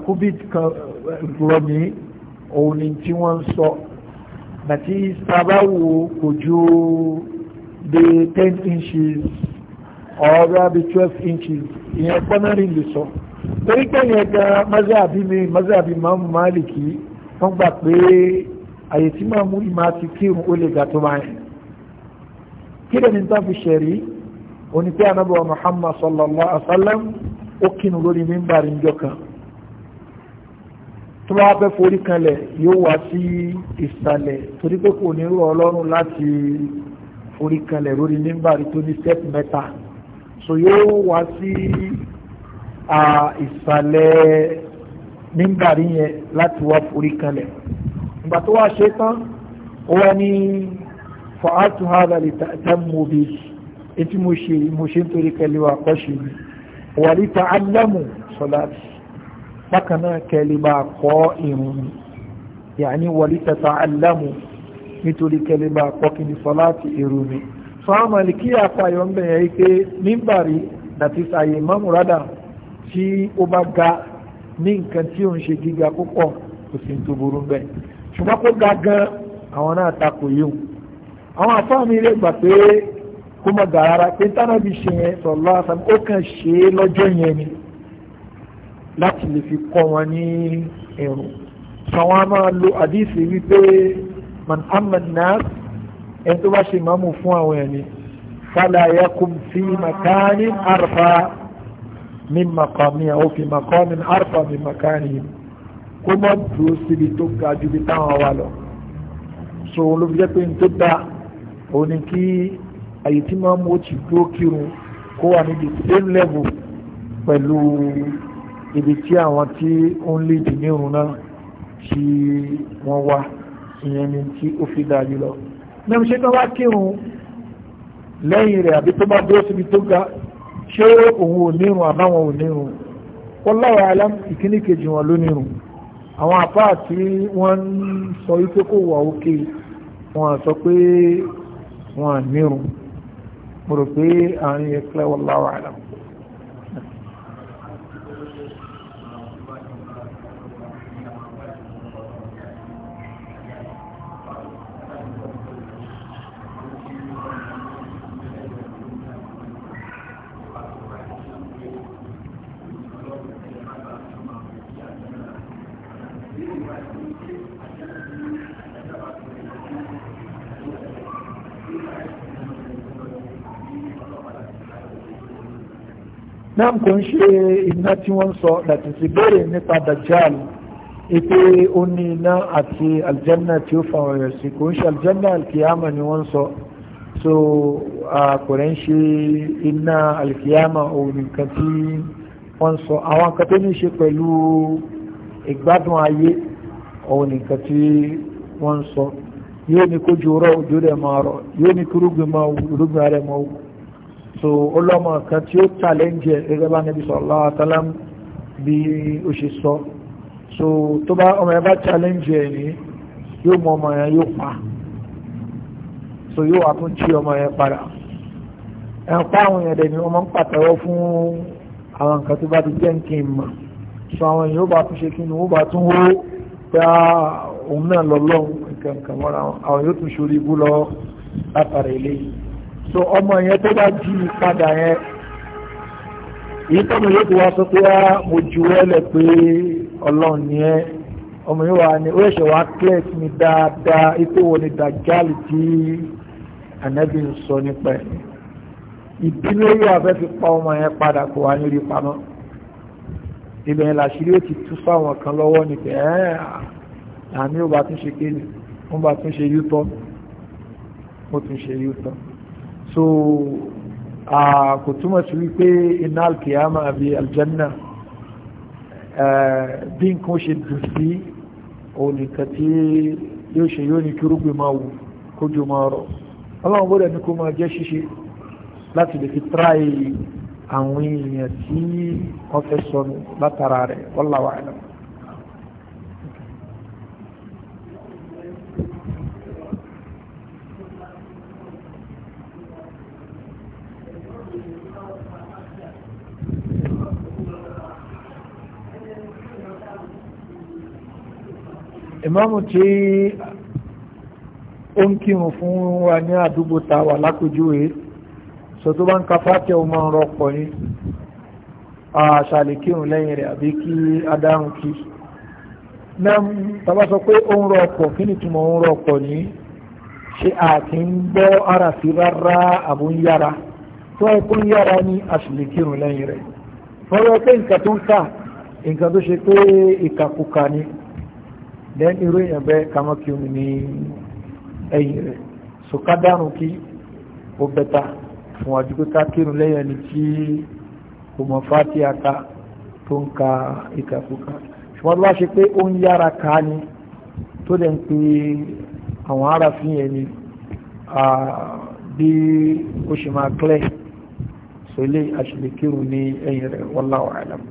A: qubit kan eh, rọ̀ ní òun ni tí wọ́n ń sọ. So bàtí sábà wo kò ju bí ten inches or bí twelve inches ìyẹn pọ́nárì lè sọ torí pẹ́yìn ẹ̀ka mazhabi mi mazhabi Imam Maliki wọ́n gbà pé àyè tí máa mú ìmọ̀ àti kírun ó lè gà tó máa yẹn kí lè ní tá ṣẹ̀rí onípẹ́ anábọ̀ Muhammad sallallahu alaihi wa sallam ó kírun lórí mímbàrí njọ́ kan tó bá fẹ́ forí kanlẹ̀ yóò wá sí ìsàlẹ̀ torí pé kò ní rọ̀ ọlọ́run láti forí kanlẹ̀ lórí nígbàrí tó ní step mẹ́ta so yóò wá sí ìsàlẹ̀ nígbàrí yẹn láti wá forí kanlẹ̀ ìgbà tó wá ṣe tán ó wá ní fa'atu hada li ta'tammu bi eti mo ṣe mo ṣe nítorí kẹlẹ́wà kọ́ṣe mi wà ní ta'allamu salati bákan náà kẹ́lẹ́ bá kọ́ irun ni yàní wọlé tẹ̀tà alámù nítorí kẹ́lẹ́ bá kọ́ kí ni sọ láti irun ni sọ́wọ́n màlìkí àpàyọ̀ ń bẹ̀yẹ̀ yìí pé nígbàrí dàtí sàyè mọ́mùrádà tí ó bá ga ní nǹkan tí ó ń ṣe gíga púpọ̀ kò sí tó burú bẹ́ẹ̀ ṣùgbọ́n kó ga gan àwọn náà takò yìí àwọn àfáàmì rẹ̀ gbà pé kó mọ̀ gà rárá pé tánàbí ṣe yẹn sọ̀lọ́ àsàmì ó kàn ṣe é lọ́jọ́ yẹn ni láti lè fi kọ́ wọn ní ẹ̀rùn sàwọn a máa lo àdíìsì wípé manhamad nas ẹni tó bá ṣe ìmáàmù fún àwọn ẹni fala yakum fi makanin arfa min makami aw fi makamin arfa min makani kó mọ́ dúró síbi tó ga ju bí táwọn wà lọ so ló pé ní tó dáa òun ni kí àyè máa mú ó ti dúró kírun kó wà níbi same level pẹ̀lú ibi tí àwọn tí ó ń léèdì ní òun náà tí wọ́n wá ìyẹn ni tí ó fi dáa jùlọ mẹ́rin ṣe tó wá kírun lẹ́yìn rẹ̀ àbí tó bá dúró síbi tó ga ṣé òun ò nírun àbáwọn ò nírun wallahu alam ìkíní kejì wọn ló nírun àwọn àpá àti wọ́n ń sọ wípé kò wà òkè wọ́n sọ pé wọ́n nírun mo rò pé àárín ẹ̀kẹ́ wallahu alam náà kò ń ṣe iná tí wọ́n ń sọ láti ti béèrè nípa dajjal ipe ó ní iná àti aljanna tí ó fàwọn ẹ̀rọ sí kò ń ṣe aljanna alkiyama ni wọ́n ń sọ so kò rẹ̀ ń ṣe iná alkiyama òun nìkan tí wọ́n ń sọ àwọn kan tó ní ṣe pẹ̀lú ìgbádùn ayé òun nìkan tí wọ́n ń sọ yóò ní kójú rọ̀ òjò rẹ̀ máa rọ̀ yóò ní kúrúgbìn máa rúgbìn rẹ̀ máa wù so ọlọ́mọ kan tí ó challenge gẹ́gẹ́ bá níbi sallallahu alaihi wasallam bí ó ṣe sọ so tó bá ọmọ yẹn bá challenge ẹ̀ ní yóò mọ ọmọ yẹn yóò pa so yóò wá tún tí ọmọ yẹn padà ẹ̀pá àwọn èèyàn dẹ̀ ni wọ́n máa ń pàtẹ́wọ́ fún àwọn nǹkan tó bá ti jẹ́ nǹkan ìmọ̀ so àwọn èèyàn ó bá tún ṣe kí ni ó bá tún wó pé ah, òun náà lọ lọ́hùn nǹkan nǹkan mọ́ra àwọn yóò tún ṣorí ibú lọ látara eléyìí so ọmọ yẹn tó bá jí padà yẹn èyí tọ́mọ yóò ti wá sọ pé á ah, mo ju ẹ́lẹ̀ pé ọlọ́run ni ẹ́ ọmọ yóò wá ní ó ṣẹ̀ṣẹ̀ wá clear sí mi dáadáa ipò wo ni dàjáàlì tí ànábì ń sọ nípa ẹ̀ ìbínú yóò afẹ́ fi pa ọmọ yẹn padà kó wá nírí pamọ́ ibẹ̀ yẹn làṣírí ó ti tú fáwọn kan lọ́wọ́ ní pé eh, àmì ò bá tún ṣe kéde ó bá tún ṣe yútọ́ ó tún ṣe yútọ́ so kò túmọ̀ sí wípé iná alkiyama àbí aljanna bí nǹkan ṣe dùn sí òun nìkan tí yóò ṣe yóò ní kírúgbìn máa wù kójú máa rọ̀ ọlọ́run bó dẹ̀ ní kó máa jẹ́ fi tíráì àwọn èèyàn tí wọ́n fẹ́ sọnù látara rẹ̀ wallahu a'lam Imamu tí ó ń kírun fún wa ní àdúgbò ta wà lápèjúwe sọ tó bá ń ka fàtẹ́ ọmọ rọpọ̀ ni àṣàlè kírun lẹ́yìn rẹ̀ àbí kí adáhùn kí náà tàbá sọ pé ó ń rọpọ̀ kí ni túmọ̀ ó ń rọpọ̀ ní ṣe àti ń gbọ́ ara sí rárá àbò ń yára tó ẹkún yára ní àṣìlè kírun lẹ́yìn rẹ̀ fọ́rọ̀ pé nǹkan tó ń kà nǹkan tó ṣe pé ìkàkùkà ni then irú èèyàn bẹ́ẹ̀ ká mọ́ kí omi ní ẹ̀yìn rẹ̀ so ká dárun kí ó bẹ́ta fún àdúgbò ká kírun lẹ́yìn ẹni tí kò mọ̀ fáti ata tó ń ka ìkàkùkà ṣùgbọ́n tó bá ṣe pé ó ń yára ká ni tó dẹ̀ ń pe àwọn ará fi yẹn ni bí ó ṣe máa clear so ilé àṣìlè kírun ní ẹ̀yìn rẹ̀ wallahu a'lam.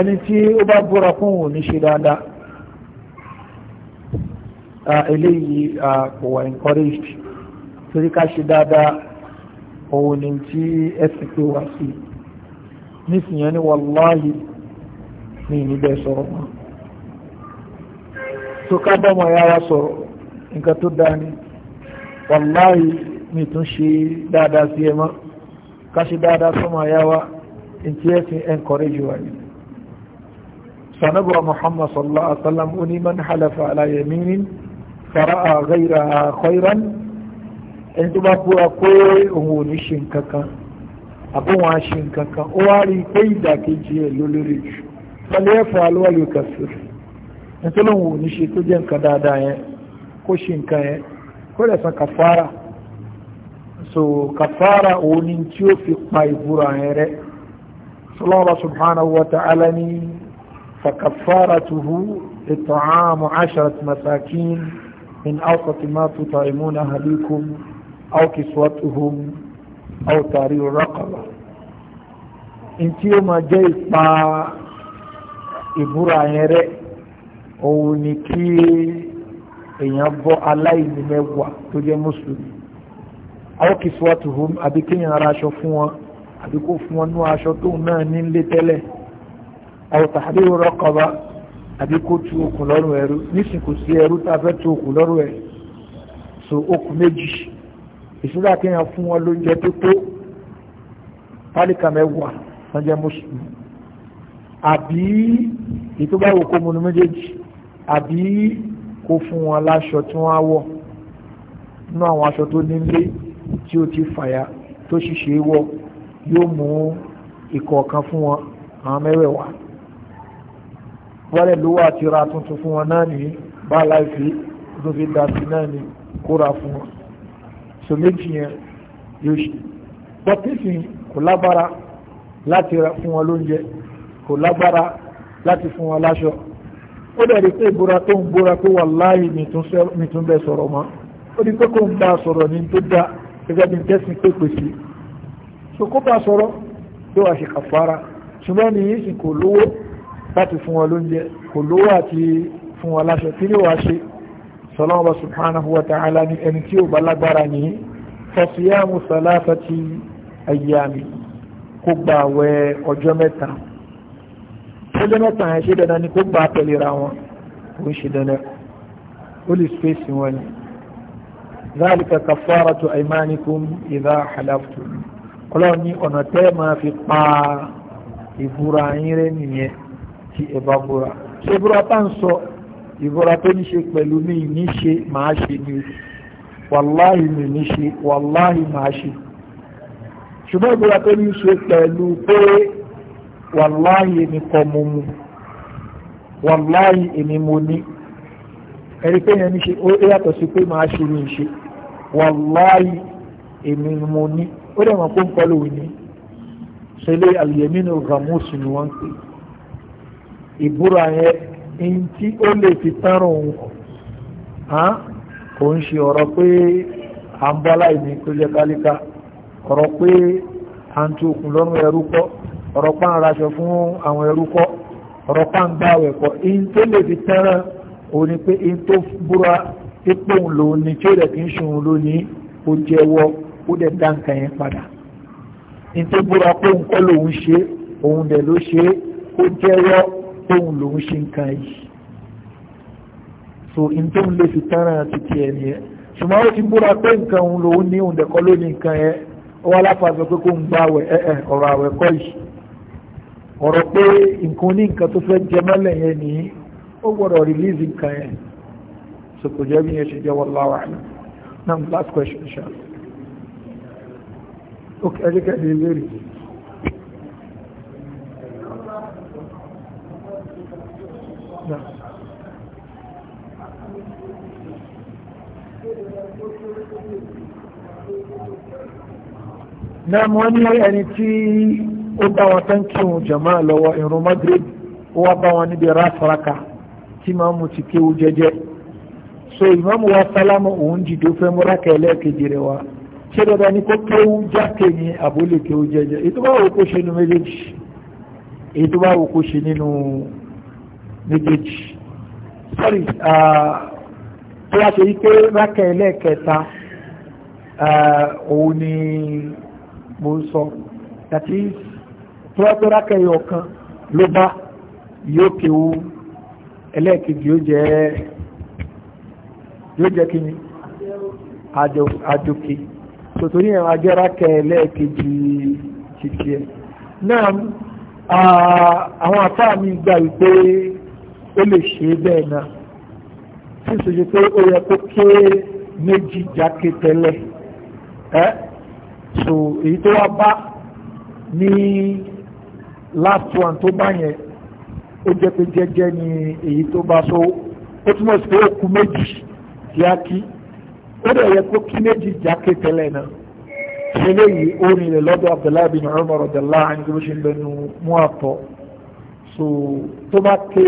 A: ẹni tí ó bá búra fún òun ní ṣe dáadáa eléyìí kò wà encouraged torí ká ṣe dáadáa òun ni tí ẹsìn pé wá sí nísìnyẹn ni wàláhì ní ìníbẹ̀ sọ̀rọ̀ mọ́ tó ká bọ́mọ̀ ya wa sọ̀rọ̀ nǹkan tó dáa ni wàláhì mi tún ṣe dáadáa sí ẹ mọ́ ká ṣe dáadáa sọ́mọ̀ ya wa ní tí ẹsìn encourage wa yìí sanabu muhammad sallallahu alaihi wasallam oni man halafa ala yaminin fara'a ghayra khayran ẹni tó bá búra pé òun ò ní ṣe nǹkan kan àbí wọn á ṣe nǹkan kan ó wá rí i pé ìdàkejì ẹ̀ ló lórí jù pẹ̀lú ẹ̀fọ́ alúwàlú kàfíìr nítorí òun ò ní ṣe tó jẹ́ nǹkan dáadáa yẹn kó ṣe nǹkan yẹn kó lè san kàfárà so kàfárà òun ni tí ó fi pa ìbúra yẹn rẹ sọlọ́wọ́ subhanahu wa ta'ala ni. فكفارته إطعام عشرة مساكين من أوسط ما تطعمون أهليكم أو كسوتهم أو تاريخ الرقبة ntí ó máa jẹ́ ipa ìbúra yẹn rẹ̀ òun ni kí èèyàn bọ́ aláìní mẹ́wàá tó jẹ́ mùsùlùmí àwọn kìsùwàtù hùm àbí kéèyàn ara aṣọ fún wọn àbí kó fún wọn nú aṣọ tóun náà ní nílé tẹ́lẹ̀ àwọn tàbí rọ́kọba àbí kó tú okùn lọ́rùn ẹrú nísìn kò sí ẹrú tá a fẹ́ tú okùn lọ́rùn ẹ̀ so okùn méjì ìṣúra kéèyàn fún wọn lóúnjẹ tó tó pálíkà mẹ́wàá wọ́n jẹ́ mùsùlùmí àbí ìtúbà wò kó múnú méjèèjì àbí kó fún wọn láṣọ tí wọ́n á wọ̀ nínú àwọn aṣọ tó nílé tí ó ti fàyà tó ṣiṣẹ́ wọ̀ yóò mú ìkọ̀ọ̀kan fún wọn àwọn mẹ́wẹ̀ẹ̀wàá wọ́n lè lówó àti ra tuntun fún wọn náà ní bá láìfi tó fi dá sí náà ní kóra fún wọn so méjì yẹn yóò ṣe bọ́tífì kò lágbára láti ra fún wọn lóúnjẹ kò lágbára láti fún wọn láṣọ ó dẹ̀rí pé ìbúra tó ń búra pé wàláhì mi tún bẹ́ sọ̀rọ̀ mọ́ ó ní pé kó ń bá sọ̀rọ̀ ní tó dá gẹ́gẹ́ bí tẹ́sí pépè sí so kó bá sọ̀rọ̀ yóò wá ṣe kàfàrà ṣùgbọ́n ní yìí sì kò lówó láti fún wọn lóúnjẹ kò lówó àti fún wọn láṣẹ kí ni wàá ṣe sọlọ́wọ́ subhanahu wa ta'ala ni ẹni tí ó bá lágbára ní fasiyamu salasati ayyami kó gba àwẹ̀ ọjọ́ mẹ́ta ọjọ́ mẹ́ta yẹn ṣe dandan ni kó gba àtẹ̀lera wọn kò ń ṣe dandan ó lè spéèsì wọn ni zalika kafaratu aymanikum idha halaftum ọlọ́run ọ̀nà tẹ́ máa fi pa ìbúra yín rẹ́ nìyẹn tí ẹ bá búra ṣé búra tá ń sọ ìbúra tó ní ṣe pẹ̀lú mi ní ṣe máa ṣe ni wàláhì mi ní ṣe wàláhì máa ṣe ṣùgbọ́n ìbúra tó ní ṣe pẹ̀lú pé wàláhì èmi kọ́ mo mu wàláhì èmi mo ní ẹ̀rí pé yẹn ní ṣe ó yàtọ̀ sí pé máa ṣe ní ṣe wàláhì èmi mo ní ó dẹ̀ mọ̀ pé ń pọ̀ lóhùn ní ṣe lé al-yaminu al ni wọ́n ń pè é ìbúra yẹn ní tí ó lè fi tánrùn òun hàn kò ń ṣe ọ̀rọ̀ pé à ń bọ́ aláìní tó jẹ́ kálíkà ọ̀rọ̀ pé à ń tu okùn lọ́rùn ẹrú kọ́ ọ̀rọ̀ pa ń raṣọ fún àwọn ẹrú kọ́ ọ̀rọ̀ pa ń gbá àwẹ̀ kọ́ in tó lè fi tẹ́ràn òun ni pé in tó búra ipò òun lòun ni tí ó rẹ̀ kì í ṣòun lónìí ó jẹ́wọ́ ó dẹ̀ dá yẹn padà in tó búra pé òun kọ́ lòun ṣe òun dẹ̀ ló ṣe ó jẹ́wọ́ tóun lòun ṣe nǹkan yìí so in tóun lè fi tán ara ti tiẹ̀ nìyẹn ṣùgbọ́n ó ti búra pé nǹkan òun lòun ní òun dẹ̀kọ́ ló ní nǹkan yẹn ó wá láfàá sọ pé kó ń gba àwẹ̀ ẹ̀ẹ̀ ọ̀rọ̀ àwẹ̀ kọ́ yìí ọ̀rọ̀ pé nǹkan ní nǹkan tó fẹ́ jẹ mọ́lẹ̀ yẹn nìyí ó gbọ́dọ̀ release nǹkan yẹn so kò jẹ́ bí yẹn ṣe jẹ́ wallahu a'lam now last question inshallah okay ẹ jẹ́ kẹ́ ẹ lè lérí. náà wọ́n ní ẹni tí ó bá wọn tán kí òun jàmá lọ́wọ́ ìrun Maghrib ó wá bá wọn níbi ráfàràkà tí máa mú ti kéwu jẹ́jẹ́ so ìmáàmù wa sálámù òun dìde fẹ́ múra kẹlẹ́ kejì rẹ̀ wá ṣé dandan ni kó kéwu jákè ní àbólè kéwu jẹ́jẹ́ ètò bá wò kó ṣe nínú méjèèjì ètò bá wò kó ṣe nínú méjèèjì sorry uh, tó wá ṣe yí pé rákẹ̀ ẹlẹ́ẹ̀kẹta uh, òun ni mo sọ that is tó wá pé rákẹ̀ ẹyọ kan ló bá yóò kéwu ẹlẹ́ẹ̀kejì yóò jẹ́ yóò jẹ́ kí ni àjòkè tòtòrí ẹ̀rọ ajẹ́rákẹ̀ ẹlẹ́ẹ̀kejì títí ẹ̀ náà uh, àwọn àfáà mi gbà wípé ó lè ṣe bẹ́ẹ̀ náà tí ó ṣe pé ó yẹ kó ké méjì jákè tẹ́lẹ̀ ẹ́ so èyí tó wá bá ní last one tó bá yẹn ó jẹ́ pé jẹ́jẹ́ ni èyí tó bá so ó túmọ̀ sí pé ó kù méjì jákè ó dẹ̀ yẹ kó kí méjì jákè tẹ́lẹ̀ náà ṣe léyìí ó rìn lọ́dọ̀ Abdullahi bin Umar radiyallahu anhu bó ṣe ń bẹnu mú àtọ́ so tó bá ké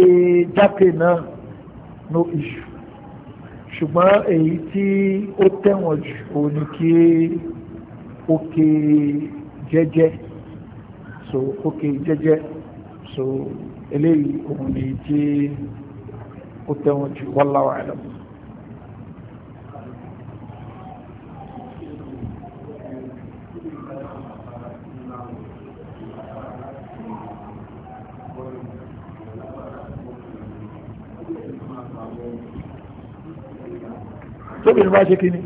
A: jáde náà no issue ṣùgbọ́n èyí tí ó tẹ̀wọ̀n jù òun ni kí ó ké jẹ́jẹ́ so ó ké jẹ́jẹ́ so eléyìí òun ni tí ó tẹ̀wọ̀n jù wallahu a'lam. tóbi ní bá ṣe kí ni.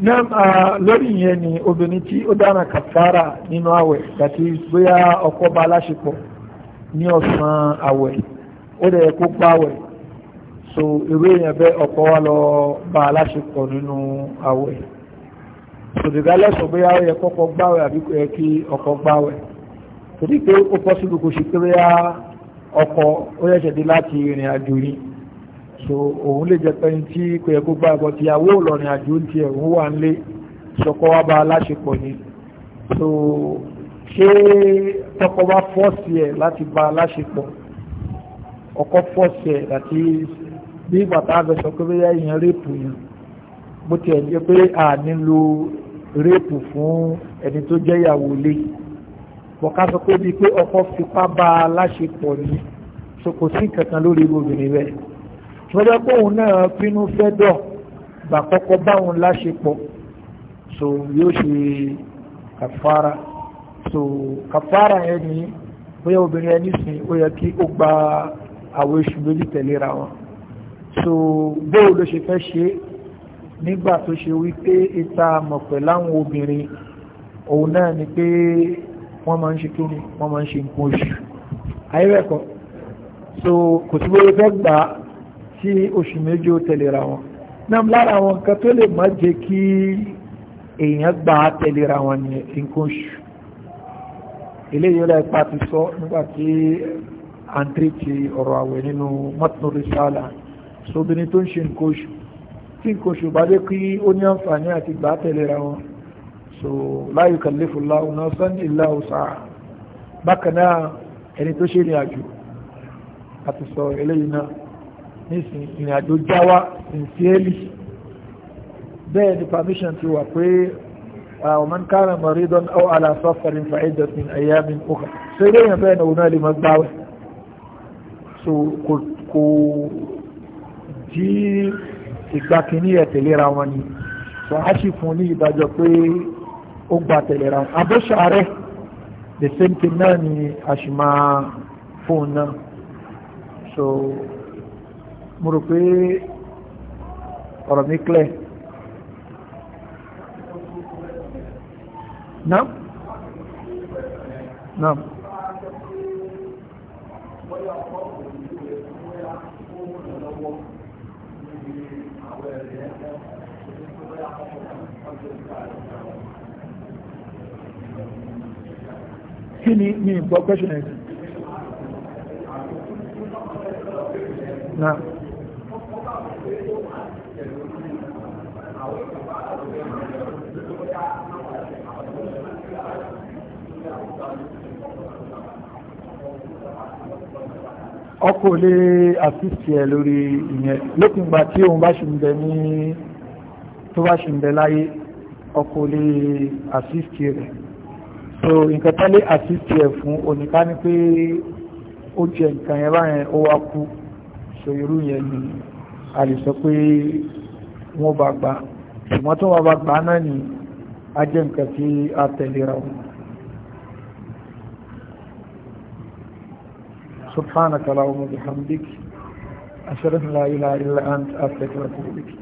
A: nam lórí ìyẹn ni obìnrin tí ó dára kàfàrà nínú àwẹ̀ àti bóyá ọkọ bá aláṣepọ̀ ní ọ̀sán àwẹ̀ ó dẹ̀ kó pa àwẹ̀ so ìwé èèyàn bẹ́ ọ̀pọ̀ wá lọ bá aláṣepọ̀ nínú àwẹ̀ sòdìgálẹ́sọ̀ bóyá ó yẹ kọ́kọ́ gbáwẹ̀ àbí kò yẹ kí ọkọ̀ gbáwẹ̀ torí pé ó pọ́ síbi kò sí pé bóyá ọkọ̀ ó yẹ ṣẹ̀dí láti ìrìn àjò ni so òun lè jẹ pé ní tí kò yẹ kó gbáwẹ̀ bọ́tí àwọ̀ òlọ́rin àjò ń tiẹ̀ òun wà ń lé wá bá aláṣepọ̀ ni so ṣé tọkọ bá fọ́ọ̀sì ẹ̀ láti bá aláṣepọ̀ ọkọ̀ fọ́ọ̀sì ẹ̀ láti bí bàtà abẹ sọ pé bẹ́ẹ̀ yẹn réèpù yẹn bó tiẹ̀ jẹ́ pé a nílò réèpù fún ẹni tó jẹ́ ìyàwó lé bọ̀ká sọ pé bíi pé ọkọ fipá bá a láṣepọ̀ ni so kò sí nǹkan kan lórí obìnrin rẹ̀ ṣọjọ́ pé òun náà pinnu fẹ́ dọ̀ gbà kọ́kọ́ báwọn láṣepọ̀ so yóò ṣe kàfàrà so kàfàrà yẹn ni bóyá obìnrin ẹni sìn ó yẹ kí ó gba àwọn oṣù méjì tẹ̀léra wọn so bóò ló ṣe fẹ́ ṣe nígbà tó ṣe wípé ìta mọ̀pẹ̀ láwọn obìnrin òun náà ni pé wọ́n máa ń ṣe kí ni wọ́n máa ń ṣe nǹkan oṣù ayẹ́rẹ́kọ̀ so kò sí bóyá fẹ́ gbà á tí oṣù méjì ó tẹ̀lera wọn náà lára àwọn nǹkan tó lè má jẹ́ kí èèyàn gbà á tẹ̀lera wọn ní nǹkan oṣù eléyìí ó pa ti sọ nígbà tí àǹtírí ti ọ̀rọ̀ àwẹ̀ nínú mọ́tò rìsálà sóbìnrin tó ń ṣe nǹkan oṣù tí nǹkan oṣù bá dé kí ó ní àǹfààní àti gbà tẹ̀léra wọn so la yukallifu Allahu nafsan illa wus'aha bákan náà ẹni tó ṣe ìrìn àjò àti sọ eléyìí náà nísìn ìrìn àjò jáwá sincerely bẹ́ẹ̀ ni permission ti wà pé ومن كان مريضا او على سفر فعدة من ايام اخرى سيدنا بين اولاد مزداوي
B: سو كو
A: tí ìgbàkíní ẹ̀ tẹ̀léra wọn ni so a sì fún ní ìdájọ́ pé ó gba tẹ̀léra wọn abóṣà rẹ̀ the same thing náà ni a fóun náà so mo rò pé ọ̀rọ̀ mi clear. Naam? Naam. kí ni mi gbọ́ question ẹ̀sìn náà ọkọ̀ lè àfíìsì ẹ̀ lórí ìyẹn lópin ìgbà tí òun bá ṣì ń bẹ ní tó bá ṣì láyé ọkọ̀ lè assist rẹ̀ so nǹkan tó lè assist rẹ̀ fún oníká ni pé ó jẹ nǹkan yẹn báyẹn ó wá kú so irú yẹn ni a lè sọ pé wọ́n bá gbà ṣùgbọ́n tó wọ́n bá gbà náà ni a jẹ nǹkan tí a tẹ̀lera wọn. سبحانك اللهم وبحمدك أشهد أن لا إله إلا أنت أستغفرك وأتوب إليك